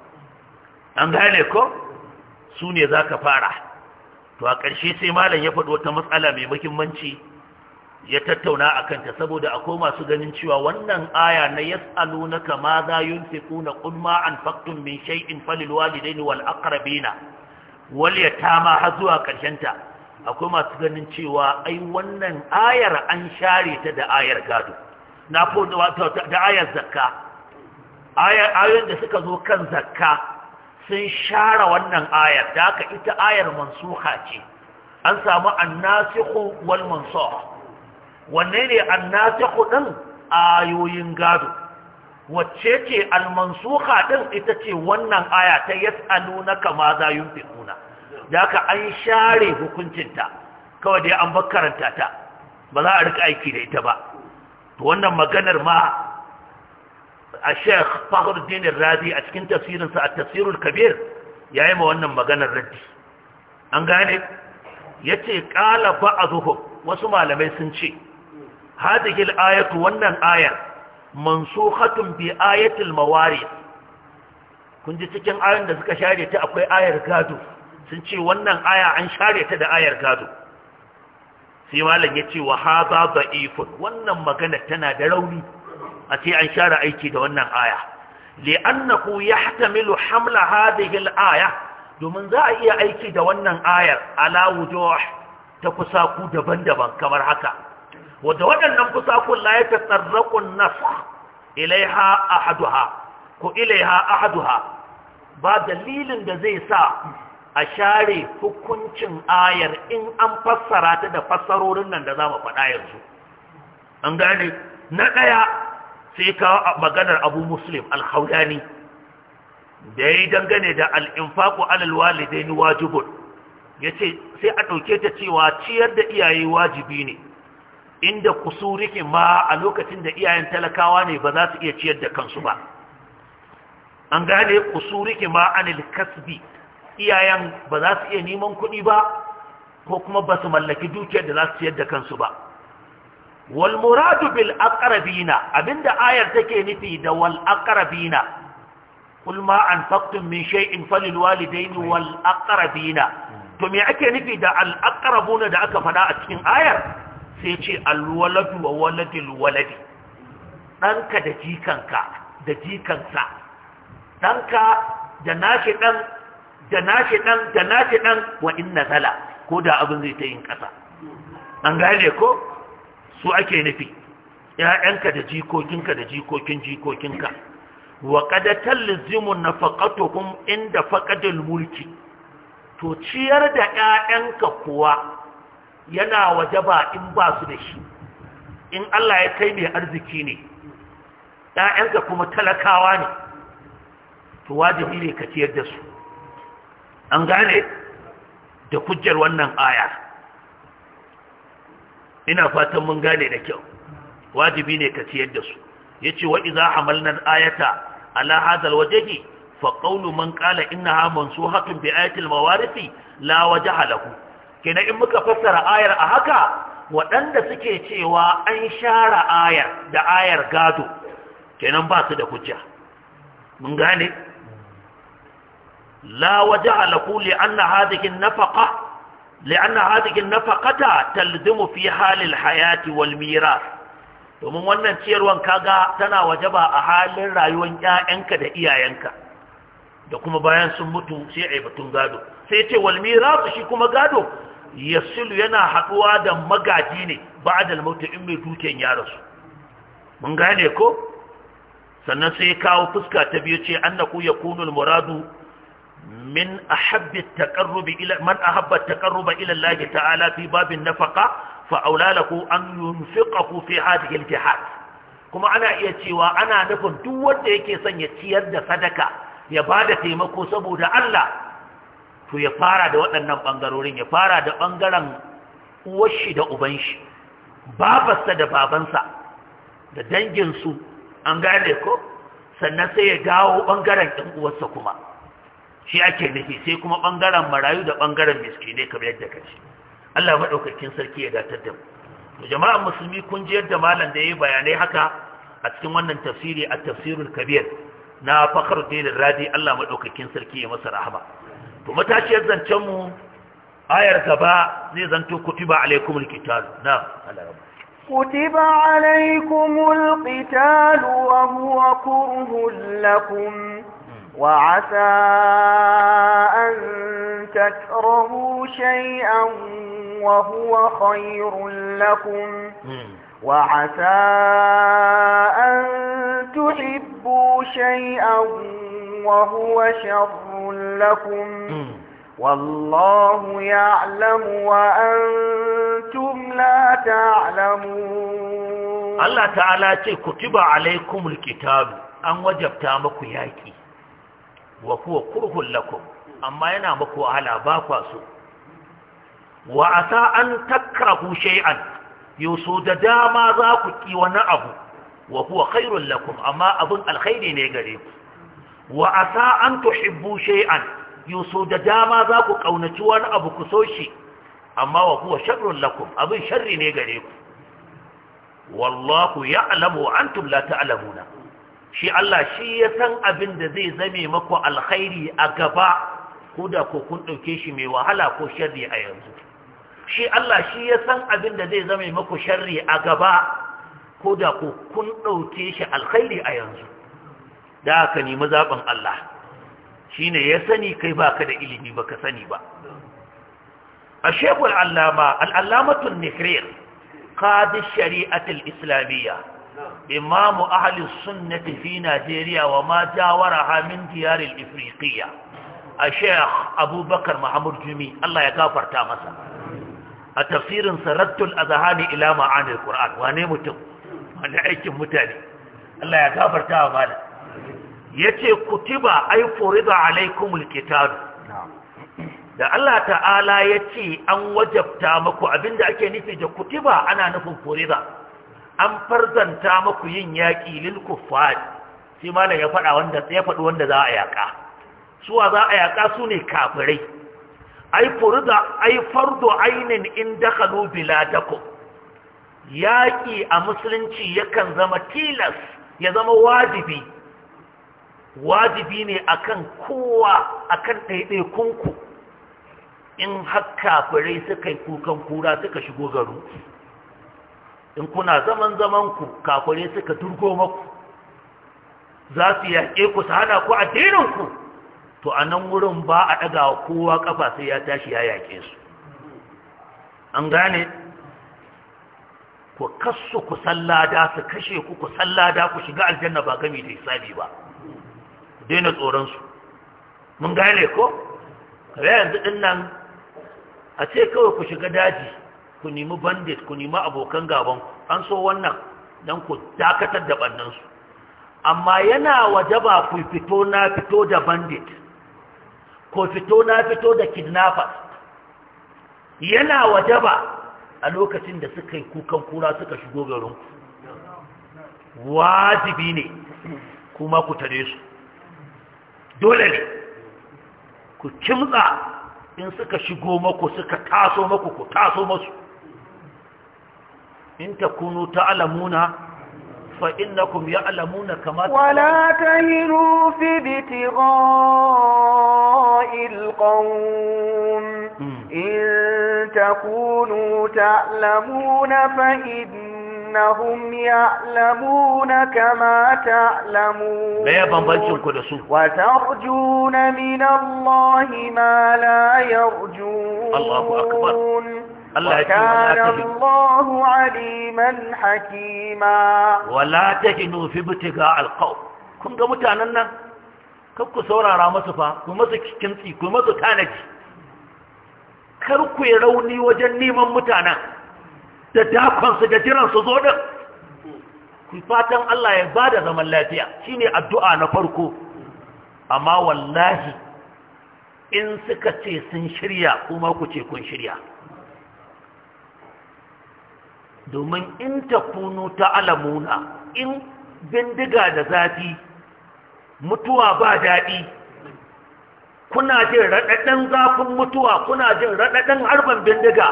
an gane ko su ne za ka fara to a ƙarshe sai malam ya faɗi wata matsala mai muhimmanci ya tattauna a kanta saboda akwai masu ganin cewa wannan aya na na ma za yunfiquna qul ma anfaqtum min shay'in falil walidayni wal aqrabina wal yatama har zuwa karshen ta akwai masu ganin cewa ai wannan ayar an share ta da ayar gado na fo da ayar zakka ayar ayoyin da suka zo kan zakka sun share wannan ayar da aka ita ayar mansuha ce an samu annasihu wal mansuha wanne ne annasihu din ayoyin gado wacce ce almansuha din ita ce wannan aya ta yas'alunaka ma za yunfiquna da aka an share hukuncinta kawai dai an bakkaranta ta ba za a rika aiki da ita ba to wannan maganar ma a sheikh fakhruddin razi a cikin tafsirinsa a tafsirul kabir ya yi ma wannan maganar raddi an gane ya ce ƙala ba a wasu malamai sun ce hadhihi ayatu wannan ayar mansukhatun bi ayatil mawarid kun ji cikin ayoyin da suka share ta akwai ayar gado sun ce wannan aya an share ta da ayar gado sai malam ya ce wa hadha da'ifun wannan magana tana da rauni a ce an share aiki da wannan ya li'annahu yahtamilu hamla hadhihi al-aya domin za a iya aiki da wannan ayar alawu wujuh ta kusaku daban-daban kamar haka wadda waɗannan kusa la ya tasarraƙun nasa ilaiha ahaduha ko ilaiha ahaduha ba dalilin da zai sa a share hukuncin ayar in an fassara ta da fassarorin nan da za mu faɗa yanzu an gane na ɗaya sai ka maganar abu muslim alhaudani da ya yi dangane da al'infaku alalwalidai ni wajibun ya ce sai a ɗauke ta cewa ciyar da iyaye wajibi ne inda kusurihim ma a lokacin da iyayen talakawa ne ba za su iya ciyar da kansu ba an gane kusurihim ma anil kasbi iyayen ba za su iya neman kuɗi ba ko kuma ba su mallaki dukiyar da za su ciyar da kansu ba wal muradu bil aqrabina abinda ayar take nufi da wal aqrabina kul ma anfaqtum min shay'in falil walidayni wal aqrabina to me ake nufi da al aqrabuna da aka faɗa a cikin ayar sai ce alwalatu wa waladil waladi ɗanka da jikanka da jikansa ɗanka da nashi ɗan da nashi ɗan da nashi ɗan wa inna zala. ko da abin zai ta yin ƙasa an gane ko su ake nufi ‘ya'yanka da jikokinka da jikokin jikokinka wa ƙadatar talzimu na inda faqadul mulki to ciyar da ‘ya'yanka kuwa yana wajaba in ba su da shi in Allah ya kai mai arziki ne ɗayanka kuma talakawa ne to wajibi ne ka ciyar da su an gane da kujjar wannan aya ina fatan mun gane da kyau wajibi ne ka ciyar da su yace za a malnar ayata ala waje wajhi fa ƙaunu man hamon su mansuhatun bi ayatul mawarifi? la waje halahu kenan in muka fassara ayar a haka waɗanda suke cewa an share ayar da ayar gado kenan ba su da hujja mun gane la wajaha lahu hadhihi an-nafaqa li hadhihi nafaqata talzimu fi halil hayati wal miras domin wannan ciyarwan kaga tana wajaba a halin rayuwar ƴaƴanka da iyayenka da kuma bayan sun mutu sai ai batun gado sai ce walmi mirasu shi kuma gado yasilu yana haɗuwa da magaji ne Ba a dalmauta in mai duken ya rasu mun gane ko sannan sai kawo fuska ta biyu ce annaku ya al-muradu min a at-taqarrub ila man ahabba at-taqarrub ila Allah ta'ala ku an-nafaqa fa aulalahu an yunfiqahu fi hadhihi kuma ana iya cewa ana nufin duk wanda yake son ya ciyar da sadaka ya bada taimako saboda Allah to ya fara da waɗannan ɓangarorin ya fara da ɓangaren shi da ubanshi babarsa da babansa da danginsu an gane ko sannan sai ya dawo ɓangaren ɗin uwarsa kuma shi ake nufi sai kuma ɓangaren marayu da ɓangaren miskinai kamar yadda ka ce Allah maɗaukakin sarki ya datar da mu jama'an musulmi kun ji yadda malam da ya yi bayanai haka a cikin wannan tafsiri a tafsirul kabir na fakar dinin radi Allah maɗaukakin sarki ya masa rahama to matashiyar zancen mu ayar gaba zai zanto kutiba alaikumul qital na Allah كتب عليكم القتال وهو كره لكم وعسى أن تكرهوا شيئا وهو خير لكم وعسى أن تحبوا شيئا وهو شر لكم والله يعلم وأنتم لا تعلمون الله تعالى كتب عليكم الكتاب أن وجبتا مكو ياكي وهو كره لكم أما ينا مكو على باقواسو وعسى أن تكرهوا شيئا يسود داما ذاكو كي ونأبو وهو خير لكم أما أبن الخير نيغريكم wa asa an tuhibbu shay'an yuso da dama za ku kaunaci wani abu ku so shi amma wa huwa sharrun lakum abin sharri ne gare ku wallahu ya'lamu wa antum la ta'lamuna shi Allah shi ya san abin da zai zame maku alkhairi a gaba ko da ko kun dauke shi mai wahala ko sharri a yanzu shi Allah shi ya san abin da zai zame maku sharri a gaba ko da ko kun dauke shi alkhairi a yanzu da aka nemi zaɓin Allah shi ne ya sani kai ba ka da ilimi ba ka sani ba a shekul allama al'allamatun nihrir qadi shari'atul islamiyya imamu ahli sunnati tafi najeriya wa ma jawaraha min diyaril ifriqiyya a sheikh abubakar mahamud jumi Allah ya gafarta masa a tafsirin a azhani ila ma'anil qur'an wane mutum wane aikin mutane Allah ya gafarta wa malam yace kutiba ay furida alaikumul kitab da Allah ta'ala yace an wajabta muku abinda ake nufi da kutiba ana nufin furida an farzanta muku yin yaki lil kuffar shi malam ya fada wanda ya faɗi wanda za a yaka suwa za a yaka su ne kafirai ay furida ay fardu ainin in dakhalu biladakum yaƙi a musulunci yakan zama tilas ya zama wajibi wajibi ne a kan kowa a akan ɗaiɗaikunku in haka fure suka yi kukan kura suka shigo garu in kuna zaman zamanku kafure suka turgo maku za su yaƙe ku su hana ku ku to a nan wurin ba a ɗaga kowa ƙafa sai ya tashi ya yaƙe su an gane ku kasu ku sallada su kashe ku ku sallada ku shiga aljanna ba gami da isabi ba daina tsoronsu mun gane ko kare yanzu din nan a ce kawai ku shiga daji ku nemi bandit ku nemi abokan gaban an so wannan don ku dakatar da ɓannansu amma yana wajaba ku fito na fito da bandit ko fito na fito da kidnappers yana wajaba a lokacin da suka yi kukan kura suka shigo garinku wajibi ne kuma ku tare su dole ne ku kimtsa in suka shigo maku suka taso maku ku taso masu in takunu ta'lamuna fa alamuna ya'lamuna kama wala tahiru fi bitigha'il qawm hmm. in takunu ta'lamuna fa innakum إنهم يعلمون كما تعلمون وترجون من الله ما لا يرجون الله أكبر وكان الله عليما حكيما ولا تهنوا في ابتغاء القوم كنت متعنى kakku saurara masu fa ku masu kintsi ku masu tanaji kar ku yi rauni wajen neman mutanen da dakonsu da jiransu zo din fatan Allah ya bada zaman lafiya shine addu'a na farko amma wallahi in suka ce sun shirya kuma ku ce kun shirya domin in ta kunu ta alamuna in bindiga da zafi mutuwa ba daɗi kuna jin raɗaɗɗen zafin mutuwa kuna jin raɗaɗɗen harban bindiga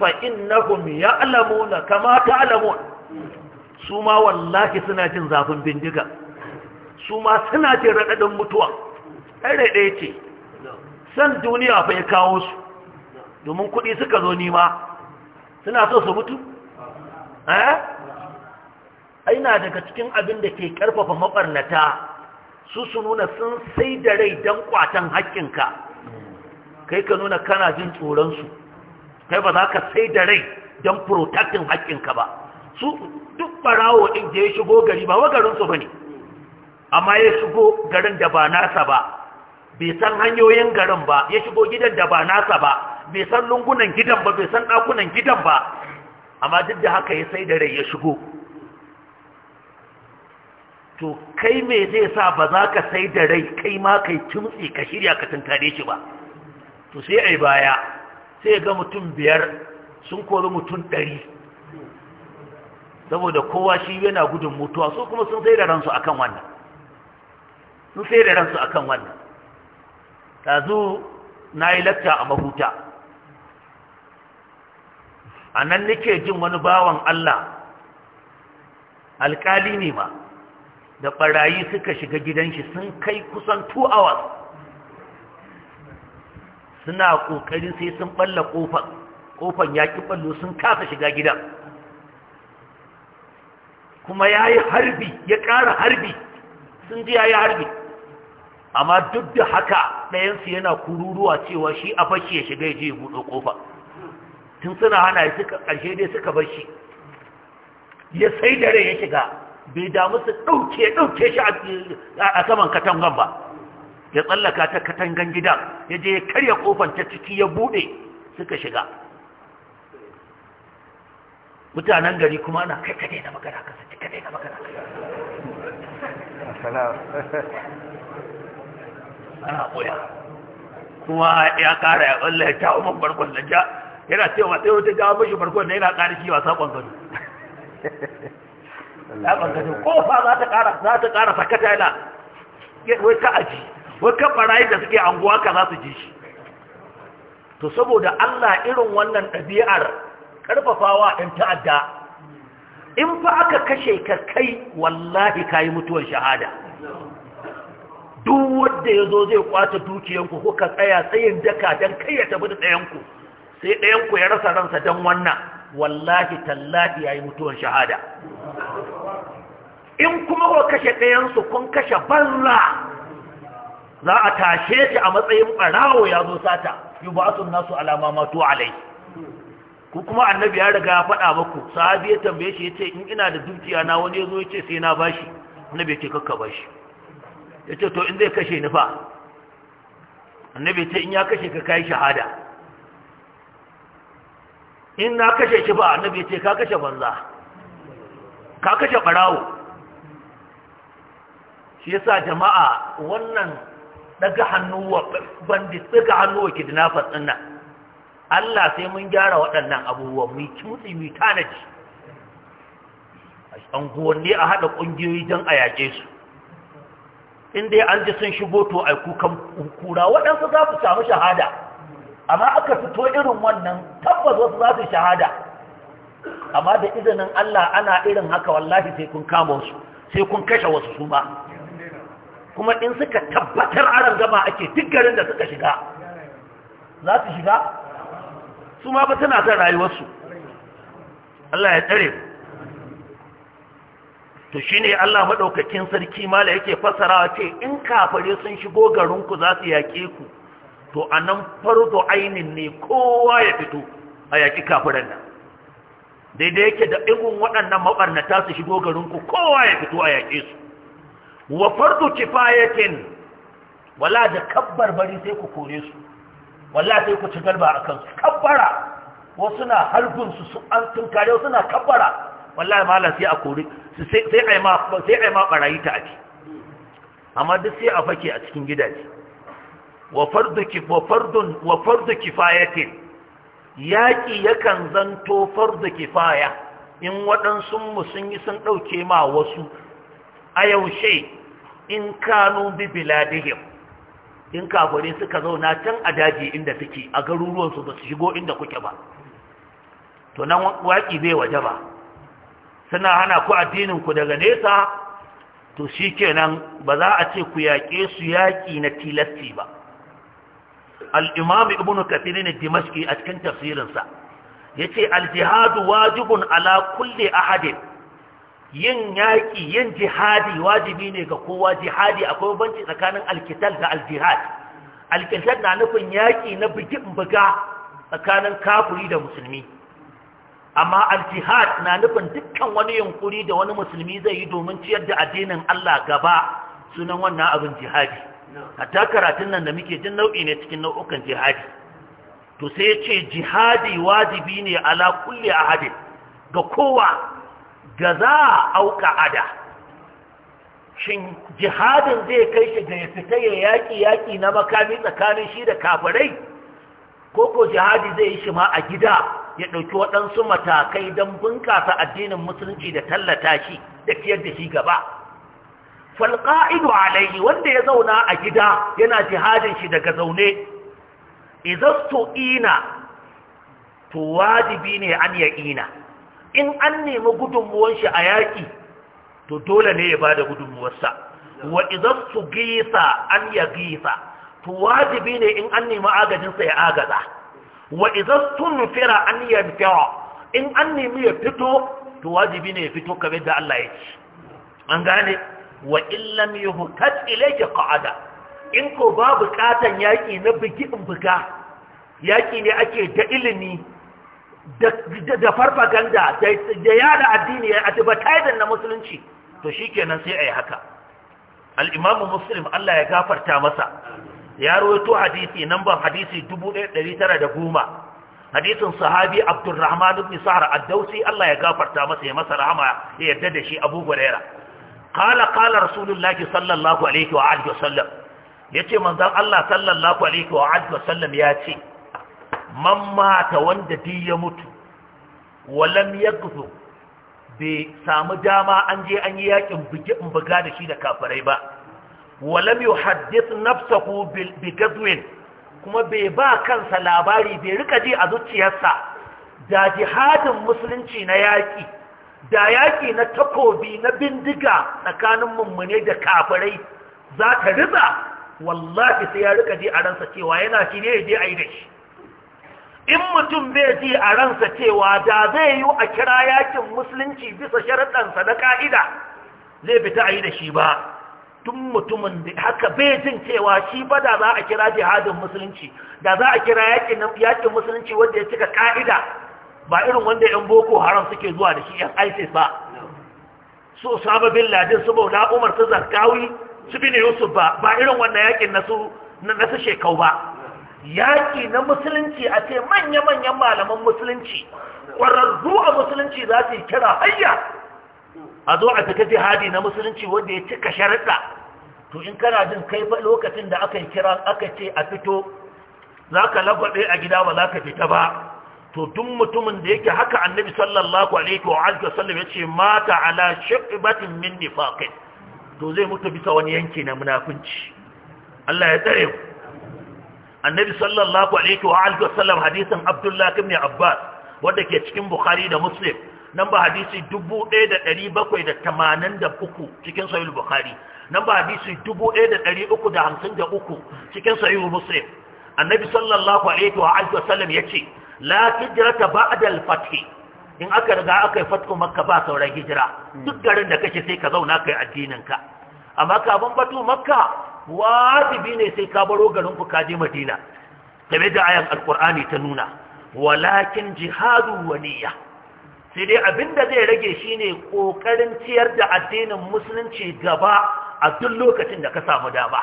fa innahum ya'lamuna kama ta'lamun su ma wallahi suna jin zafin bindiga su ma suna jin radadin mutuwa ai ɗaya ce san duniya fa ya kawo su domin kuɗi suka zo nima suna so su mutu eh aina daga cikin abin da ke karfafa maɓarnata su su nuna sun sai da rai don kwatan haƙƙinka kai ka nuna kana jin tsoronsu kai ba za ka sai da rai don protectin haƙƙinka ba su duk barawo in da shigo gari ba wagarinsu ba ne amma ya shigo garin da ba nasa ba bai san hanyoyin garin ba ya shigo gidan da ba nasa ba bai san lungunan gidan ba bai san ɗakunan gidan ba amma duk da haka ya sai da rai ya shigo to kai me zai sa ba za ka sai da rai kai ma kai kimtsi ka shirya ka tunkare shi ba to sai ai baya sai ga mutum biyar sun kori mutum ɗari saboda kowa shi yana gudun mutuwa su kuma sun sai da ransu akan wannan sun sai da ransu akan wannan tazu na yi lacca a mahuta a nan nake jin wani bawan Allah alkali ne ma da ɓarayi suka shiga gidan shi sun kai kusan 2 hours suna kokari sai sun balla kofar kofar ya ki ballo sun kasa shiga gida kuma ya yi harbi ya ƙara harbi sun ji ya yi harbi amma duk da haka ɗayansu yana kururuwa cewa shi a fashi ya shiga ya je ya buɗe ƙofa tun suna hana ya suka ƙarshe dai suka bar shi ya sai da rai ya shiga bai damu su ɗauke ɗauke shi a saman katangon ba ya tsallaka ta katangan gida ya je ya karya kofar ta ciki ya bude suka shiga mutanen gari kuma ana kai kadai na magana ka sace kadai na magana ana koya kuma ya kara ya tsalla ya ta umar barkon da ja yana cewa sai wata gawa mashi barkon da yana kara kiwa wasa gado ya gado kofa za ta kara sakata yana wai ta aji Wai waka barayi da suke anguwa ka za su ji shi to saboda Allah irin wannan ɗabi'ar ƙarfafawa ɗan ta'adda in fa aka kashe ka kai wallahi ka yi mutuwar shahada duk wanda ya zo zai kwace dukiyanku kuka tsaya tsayin daka don kai ya tafi da ɗayanku sai ɗayanku ya rasa ransa don wannan wallahi tallahi ya yi mutuwar shahada in kuma wa kashe ɗayansu kun kashe barra za a tashe shi a matsayin barawo ya zo sata yi ba su nasu alama matu alai ku kuma annabi ya riga ya faɗa muku sahabi ya tambaye shi ya ce in ina da dukiya na wani ya zo ya ce sai na bashi annabi ya ce kakka bashi ya ce to in zai kashe ni fa annabi ya ce in ya kashe ka kai shahada in na kashe shi ba annabi ya ce ka kashe banza ka kashe barawo shi yasa jama'a wannan daga hannuwa bandi daga hannuwa kidnappers din nan Allah sai mun gyara waɗannan abubuwan mu kimtsi mu tanaji an a haɗa kungiyoyi don a yaƙe su in dai an ji sun shigo to a kukan kura waɗansu za su samu shahada amma aka fito irin wannan tabbas wasu za su shahada amma da izinin Allah ana irin haka wallahi sai kun kama wasu sai kun kashe wasu su ba kuma in suka tabbatar aran gaba ake duk garin da suka shiga za su shiga su ma ba tana ta rayuwarsu Allah ya tsare to shi ne Allah maɗaukakin sarki mala yake fasarawa ce in kafare sun shigo garinku za su yaƙe ku to a nan farzo ainin ne kowa ya fito a yaƙi kafiran nan daidai yake da igun waɗannan maɓarnata su shigo garinku kowa ya fito a yaƙe su wa fardu kifayatin wala da kabbar bari sai ku kore su Wala sai ku ci galba a kansu kabbara wasu na halgun su an kare wasu na kabbara wallahi malam sai a kore su sai ai ma sai ai ma barayi ta aji amma duk sai a fake a cikin gidaje wa fardu wa fardun wa fardu kifayatin yaki yakan zanto fardu kifaya in waɗansu mu sun yi sun ɗauke ma wasu a yaushe in kanu bi biladihim in kafare suka zauna can a daji inda suke a garuruwansu ba su shigo inda kuke ba to nan waƙi bai waje ba suna hana ku addininku daga nesa to shi kenan ba za a ce ku yaƙe su yaƙi na tilasti ba Al'imami ibn ne dimashki a cikin tafsirinsa ya ce aljihadu wajibun ala kulle ahadin yin yaƙi yin jihadi wajibi ne ga kowa jihadi akwai banci tsakanin alkital da aljihad alkital na nufin yaƙi na bugin buga tsakanin kafuri da musulmi amma aljihad na nufin dukkan wani yunkuri da wani musulmi zai yi domin ciyar da addinin Allah gaba sunan wannan abin jihadi hatta karatun nan da muke jin nau'i ne cikin nau'ukan jihadi to sai ya ce jihadi wajibi ne ala kulli ahadin ga kowa gaza auka ada shin jihadin zai kai shi da ya fita ya yaƙi yaƙi na makami tsakanin shi da kafirai ko ko jihadi zai yi shi ma a gida ya ɗauki waɗansu matakai don bunkasa addinin musulunci da tallata shi da fiyar da shi gaba falƙa'idu alaihi wanda ya zauna a gida yana jihadin shi daga zaune izastu ina to wajibi ne an ya ina in an nemi gudunmuwan shi a yaƙi to dole ne ya ba da gudunmuwarsa wa idan su gisa an ya gisa to wajibi ne in an nemi agajinsa ya agaza wa idan sun fira an ya fira in an nemi ya fito to wajibi ne ya fito kamar da Allah ya ci an gane wa illam yuhtat ilayka qa'ada in ko babu katan yaki na bigi in buga Yaƙi ne ake da ilimi da farfaganda da yada addini ya advertising na musulunci to shikenan sai ayi haka al-imamu muslim Allah ya gafarta masa ya rawaito hadisi number hadisi 1910 hadisin sahabi Abdurrahman ibn Sahr ad-Dawsi Allah ya gafarta masa ya masa rahama ya yarda da shi Abu Hurairah qala qala rasulullahi sallallahu alaihi wa alihi wasallam yace manzon Allah sallallahu alaihi wa alihi ya ce man mata wanda duk ya mutu walam yakzu bai samu dama an je an yi yakin buga da shi da kafirai ba walam yuhaddith nafsahu bi gadwin kuma bai ba kansa labari bai rika ji a zuciyarsa da jihadin musulunci na yaƙi da yaƙi na takobi na bindiga tsakanin mummune da kafirai za ta riza wallahi sai ya rika ji a ransa cewa yana shi ne ya a yi da shi in mutum bai ji a ransa cewa da zai yi a kira yakin musulunci bisa sharaɗansa na ƙa'ida zai fita a yi da shi ba tun mutumin da haka bai jin cewa shi ba da za a kira jihadin musulunci da za a kira yakin musulunci wanda ya cika ƙa'ida ba irin wanda 'yan boko haram suke zuwa da shi 'yan isis ba So Usama bin Ladin su Maula Umar su Zarkawi su ne Yusuf ba ba irin wannan yakin na su shekau ba yaƙi na musulunci a ce manya-manyan malaman musulunci ƙwararru a musulunci za su yi kira hayya a zo a fita jihadi na musulunci wanda ya cika sharaɗa to in kana jin kai ba lokacin da aka kira aka ce a fito za ka lagwaɗe a gida ba za ka fita ba to duk mutumin da yake haka annabi sallallahu alaihi wa alihi wasallam ya ce mata ala min nifaqin to zai mutu bisa wani yanki na munafunci Allah ya tsare mu annabi sallallahu alaihi wa alihi wasallam hadisin abdullah ibn abbas wanda ke cikin bukhari da muslim nan ba hadisi 1783 cikin sahih bukhari nan ba hadisi 1353 cikin sahih muslim annabi sallallahu alaihi wa alihi wasallam yace la hijrata ba'da al-fath in aka riga aka yi fatko makka ba sauran hijira duk garin da kake sai ka zauna kai addinin ka amma kafin fatu makka wajibi ne sai ka baro garin ku ka madina game da ayan alkur'ani ta nuna walakin jihadu waniya sai dai abinda zai rage shine kokarin ciyar da addinin musulunci gaba a duk lokacin da ka samu dama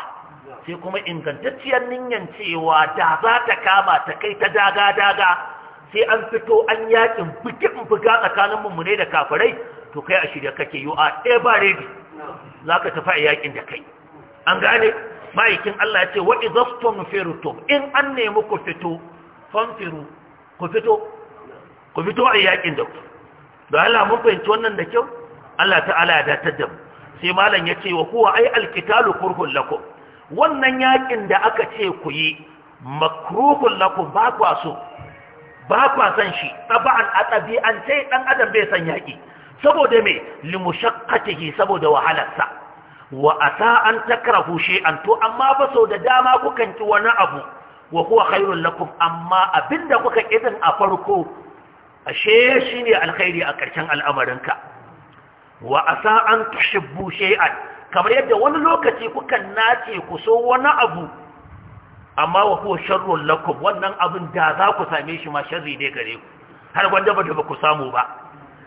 sai kuma ingantacciyar niyyar cewa da za ta kama ta kai ta daga daga sai an fito an yakin buga tsakanin ne da kafirai to kai a shirya kake you are ever ready za tafi a yakin da kai an gane ma'aikin Allah ya ce wa idastum firtum in an nemi ku fito fanfiru ku fito ku fito a yakin da ku da Allah mun fahimci wannan da kyau Allah ta'ala ya datar da mu sai malam ya ce wa huwa ai alkitalu kurhun lakum wannan yakin da aka ce ku yi makruhun lakum ba kwa so ba kwa san shi taba'an a ɗan adam bai san yaƙi saboda me limushakkatihi saboda wahalarsa wa ata an takrahu shay'an to amma fa sau da dama kukan ki wani abu wa huwa khairul lakum amma abinda kuka kidin a farko ashe shine alkhairi a karshen al'amarinka wa asa an tuhibbu shay'an kamar yadda wani lokaci kukan nace ku so wani abu amma wa huwa sharrul lakum wannan abin da za ku same shi ma sharri ne gare ku har gwanda ba ba ku samu ba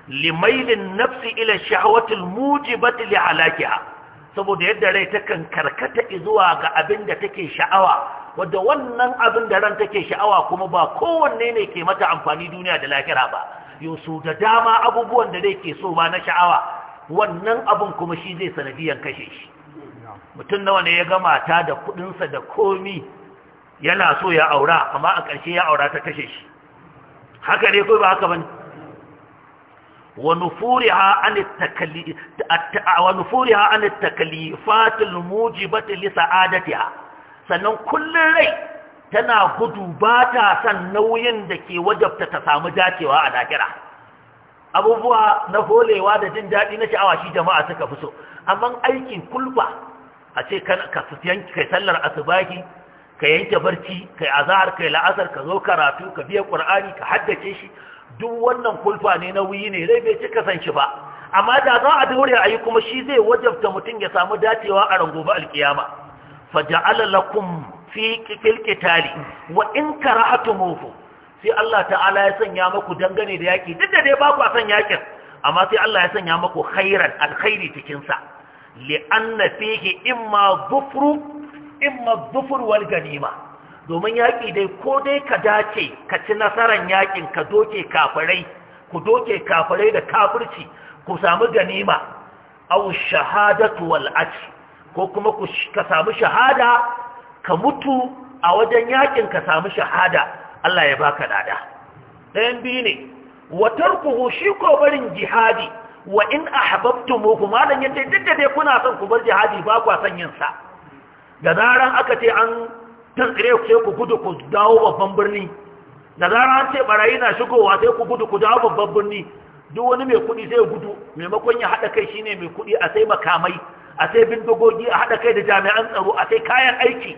limailin nafsi ila shahawatil mujibati li halakiha saboda yadda rai takan karkata zuwa ga abin da take sha'awa wadda wannan abin da ran take sha'awa kuma ba kowanne ne ke mata amfani duniya da lahira ba yosu da dama abubuwan da rai ke so ba na sha'awa wannan abin kuma shi zai sanadiyan kashe shi mutum nawa ne ya ga mata da kuɗinsa da komi yana so ya aura amma a ƙarshe ya aura ta kashe shi haka ne ko ba haka bane ونفورها عن التكليف التكليفات الموجبة لسعادتها sannan kullun rai tana gudu ba ta san nauyin da ke wajabta ta samu dacewa a lahira abubuwa na holewa da jin daɗi na sha'awa shi jama'a suka fi so amma aikin kulba a ce ka kai sallar asubahi ka yanke barci kai azahar kai la'asar ka zo karatu ka biya ƙur'ani, ka haddace shi duk wannan kulfa ne nauyi ne rai bai cika san shi ba amma da za a daure a yi kuma shi zai wajabta mutum ya samu dacewa a rangoba alkiyama Faja lakum fi qitali wa in karahtumhu sai Allah ta'ala ya sanya muku dangane da yaki duk da dai ba ku san yakin amma sai Allah ya sanya muku khairan alkhairi cikin sa li'anna fihi imma dhufru imma dhufru wal ganima domin yaƙi dai ko dai ka dace ka ci nasarar yaƙin ka doke kafirai ku doke kafirai da kafirci ku samu ganima aw shahadatu wal ajr ko kuma ku ka samu shahada ka mutu a wajen yaƙin ka samu shahada Allah ya baka dada ɗayan biyu ne wa tarkuhu shi ko barin jihadi wa in ahbabtumuhu malan kuma duk dai kuna son ku bar jihadi ba ku son yin sa da zaran aka ce an tazgire ku sai ku gudu ku dawo babban birni da zara an ce barayi na shigowa sai ku gudu ku dawo babban birni duk wani mai kuɗi sai gudu maimakon ya haɗa kai shine mai kuɗi a sai makamai a sai bindigogi a haɗa kai da jami'an tsaro a sai kayan aiki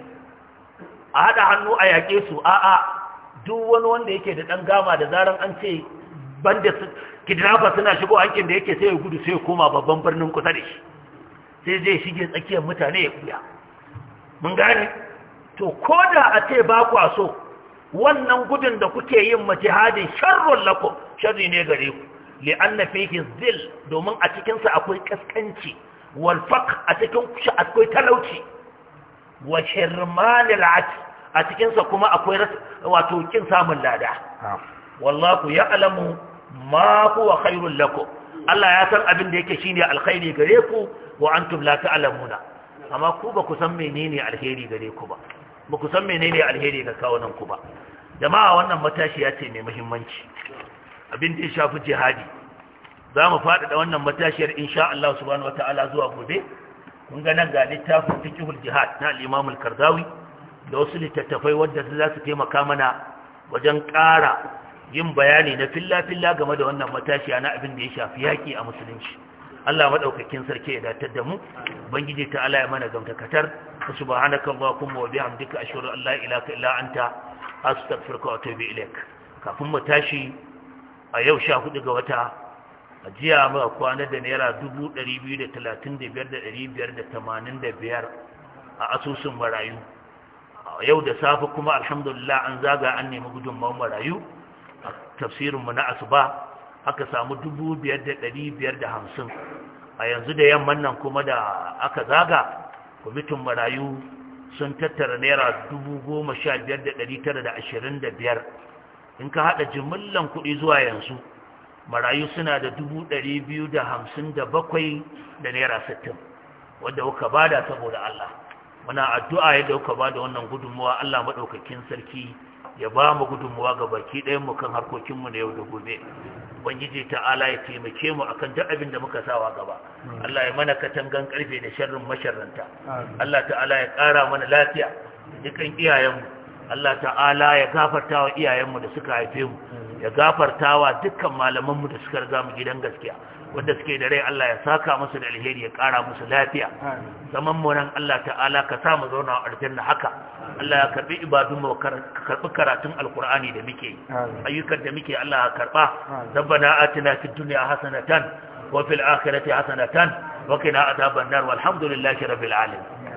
a haɗa hannu a yaƙe su a'a duk wani wanda yake da ɗan gama da zaran an ce banda kidnapper suna shigo hankin da yake sai ya gudu sai ya koma babban birnin kusa da shi sai zai shige tsakiyar mutane ya kuya mun gane to ko da a ce ba kwa so wannan gudun da kuke yin majihadin sharrun lako, sharri ne gare ku li'anna fihi zil domin a cikin akwai kaskanci wal a cikin shi akwai talauci wa shirmanil ati a cikin kuma akwai wato kin samun lada wallahu ya'lamu ma huwa khairul lakum Allah ya san abin da yake shine alkhairi gare ku wa antum la ta'lamuna amma ku ba ku san menene alheri gare ku ba ba ku san menene alheri ga kawunan ku ba jama'a wannan matashiya ce mai muhimmanci abin da ya shafi jihadi za mu faɗaɗa wannan matashiyar insha Allah subhanahu wata'ala zuwa gobe kun ga nan ga littafin fiqhul jihad na al-Imam al-Kardawi da wasu littattafai wadda za su taimaka mana wajen ƙara yin bayani na filla-filla game da wannan matashiya na abin da ya shafi yaƙi a musulunci Allah maɗaukakin sarki ya datar da mu bangiji ta Allah ya mana gamtakatar ba kuma wa bihamdika ashhadu an la ilaha illa anta astaghfiruka wa atubu ilaik kafin mu tashi a yau sha hudu ga wata a jiya kwana da naira 235,585 a asusun marayu A yau da safe kuma alhamdulillah an zaga an nemi gudunmawar marayu a tafsirinmu na asuba aka samu dubu biyar da ɗari biyar da hamsin a yanzu da yamman nan kuma da aka zaga kwamitin marayu sun tattara naira dubu goma sha biyar da ɗari tara da ashirin da biyar in ka haɗa jimillan kuɗi zuwa yanzu marayu suna da dubu ɗari biyu da hamsin da bakwai da naira sittin wadda kuka bada saboda Allah muna addu'a yadda ba da wannan gudunmuwa Allah maɗaukakin sarki ya ba mu gudunmuwa ga baki ɗayan mu kan harkokinmu na yau da gobe ubangiji ta'ala ya taimake mu akan duk abin da muka sawa gaba Allah ya mana katangan karfe da sharrin masharranta Allah ta'ala ya kara mana lafiya dukan iyayenmu Allah ta'ala ya gafarta wa iyayenmu da suka haife mu ya gafarta wa dukkan malamanmu da suka riga mu gidan gaskiya wanda suke da rai Allah ya saka musu da alheri ya kara musu lafiya zaman munan Allah ta'ala ka sa mu zauna a aljanna haka Allah ya karbi ibadun mu ka karbi karatun alkur'ani da muke ayyukan da muke Allah ya karba rabbana atina fid dunya hasanatan wa fil akhirati hasanatan wa qina adhaban nar walhamdulillahi rabbil alamin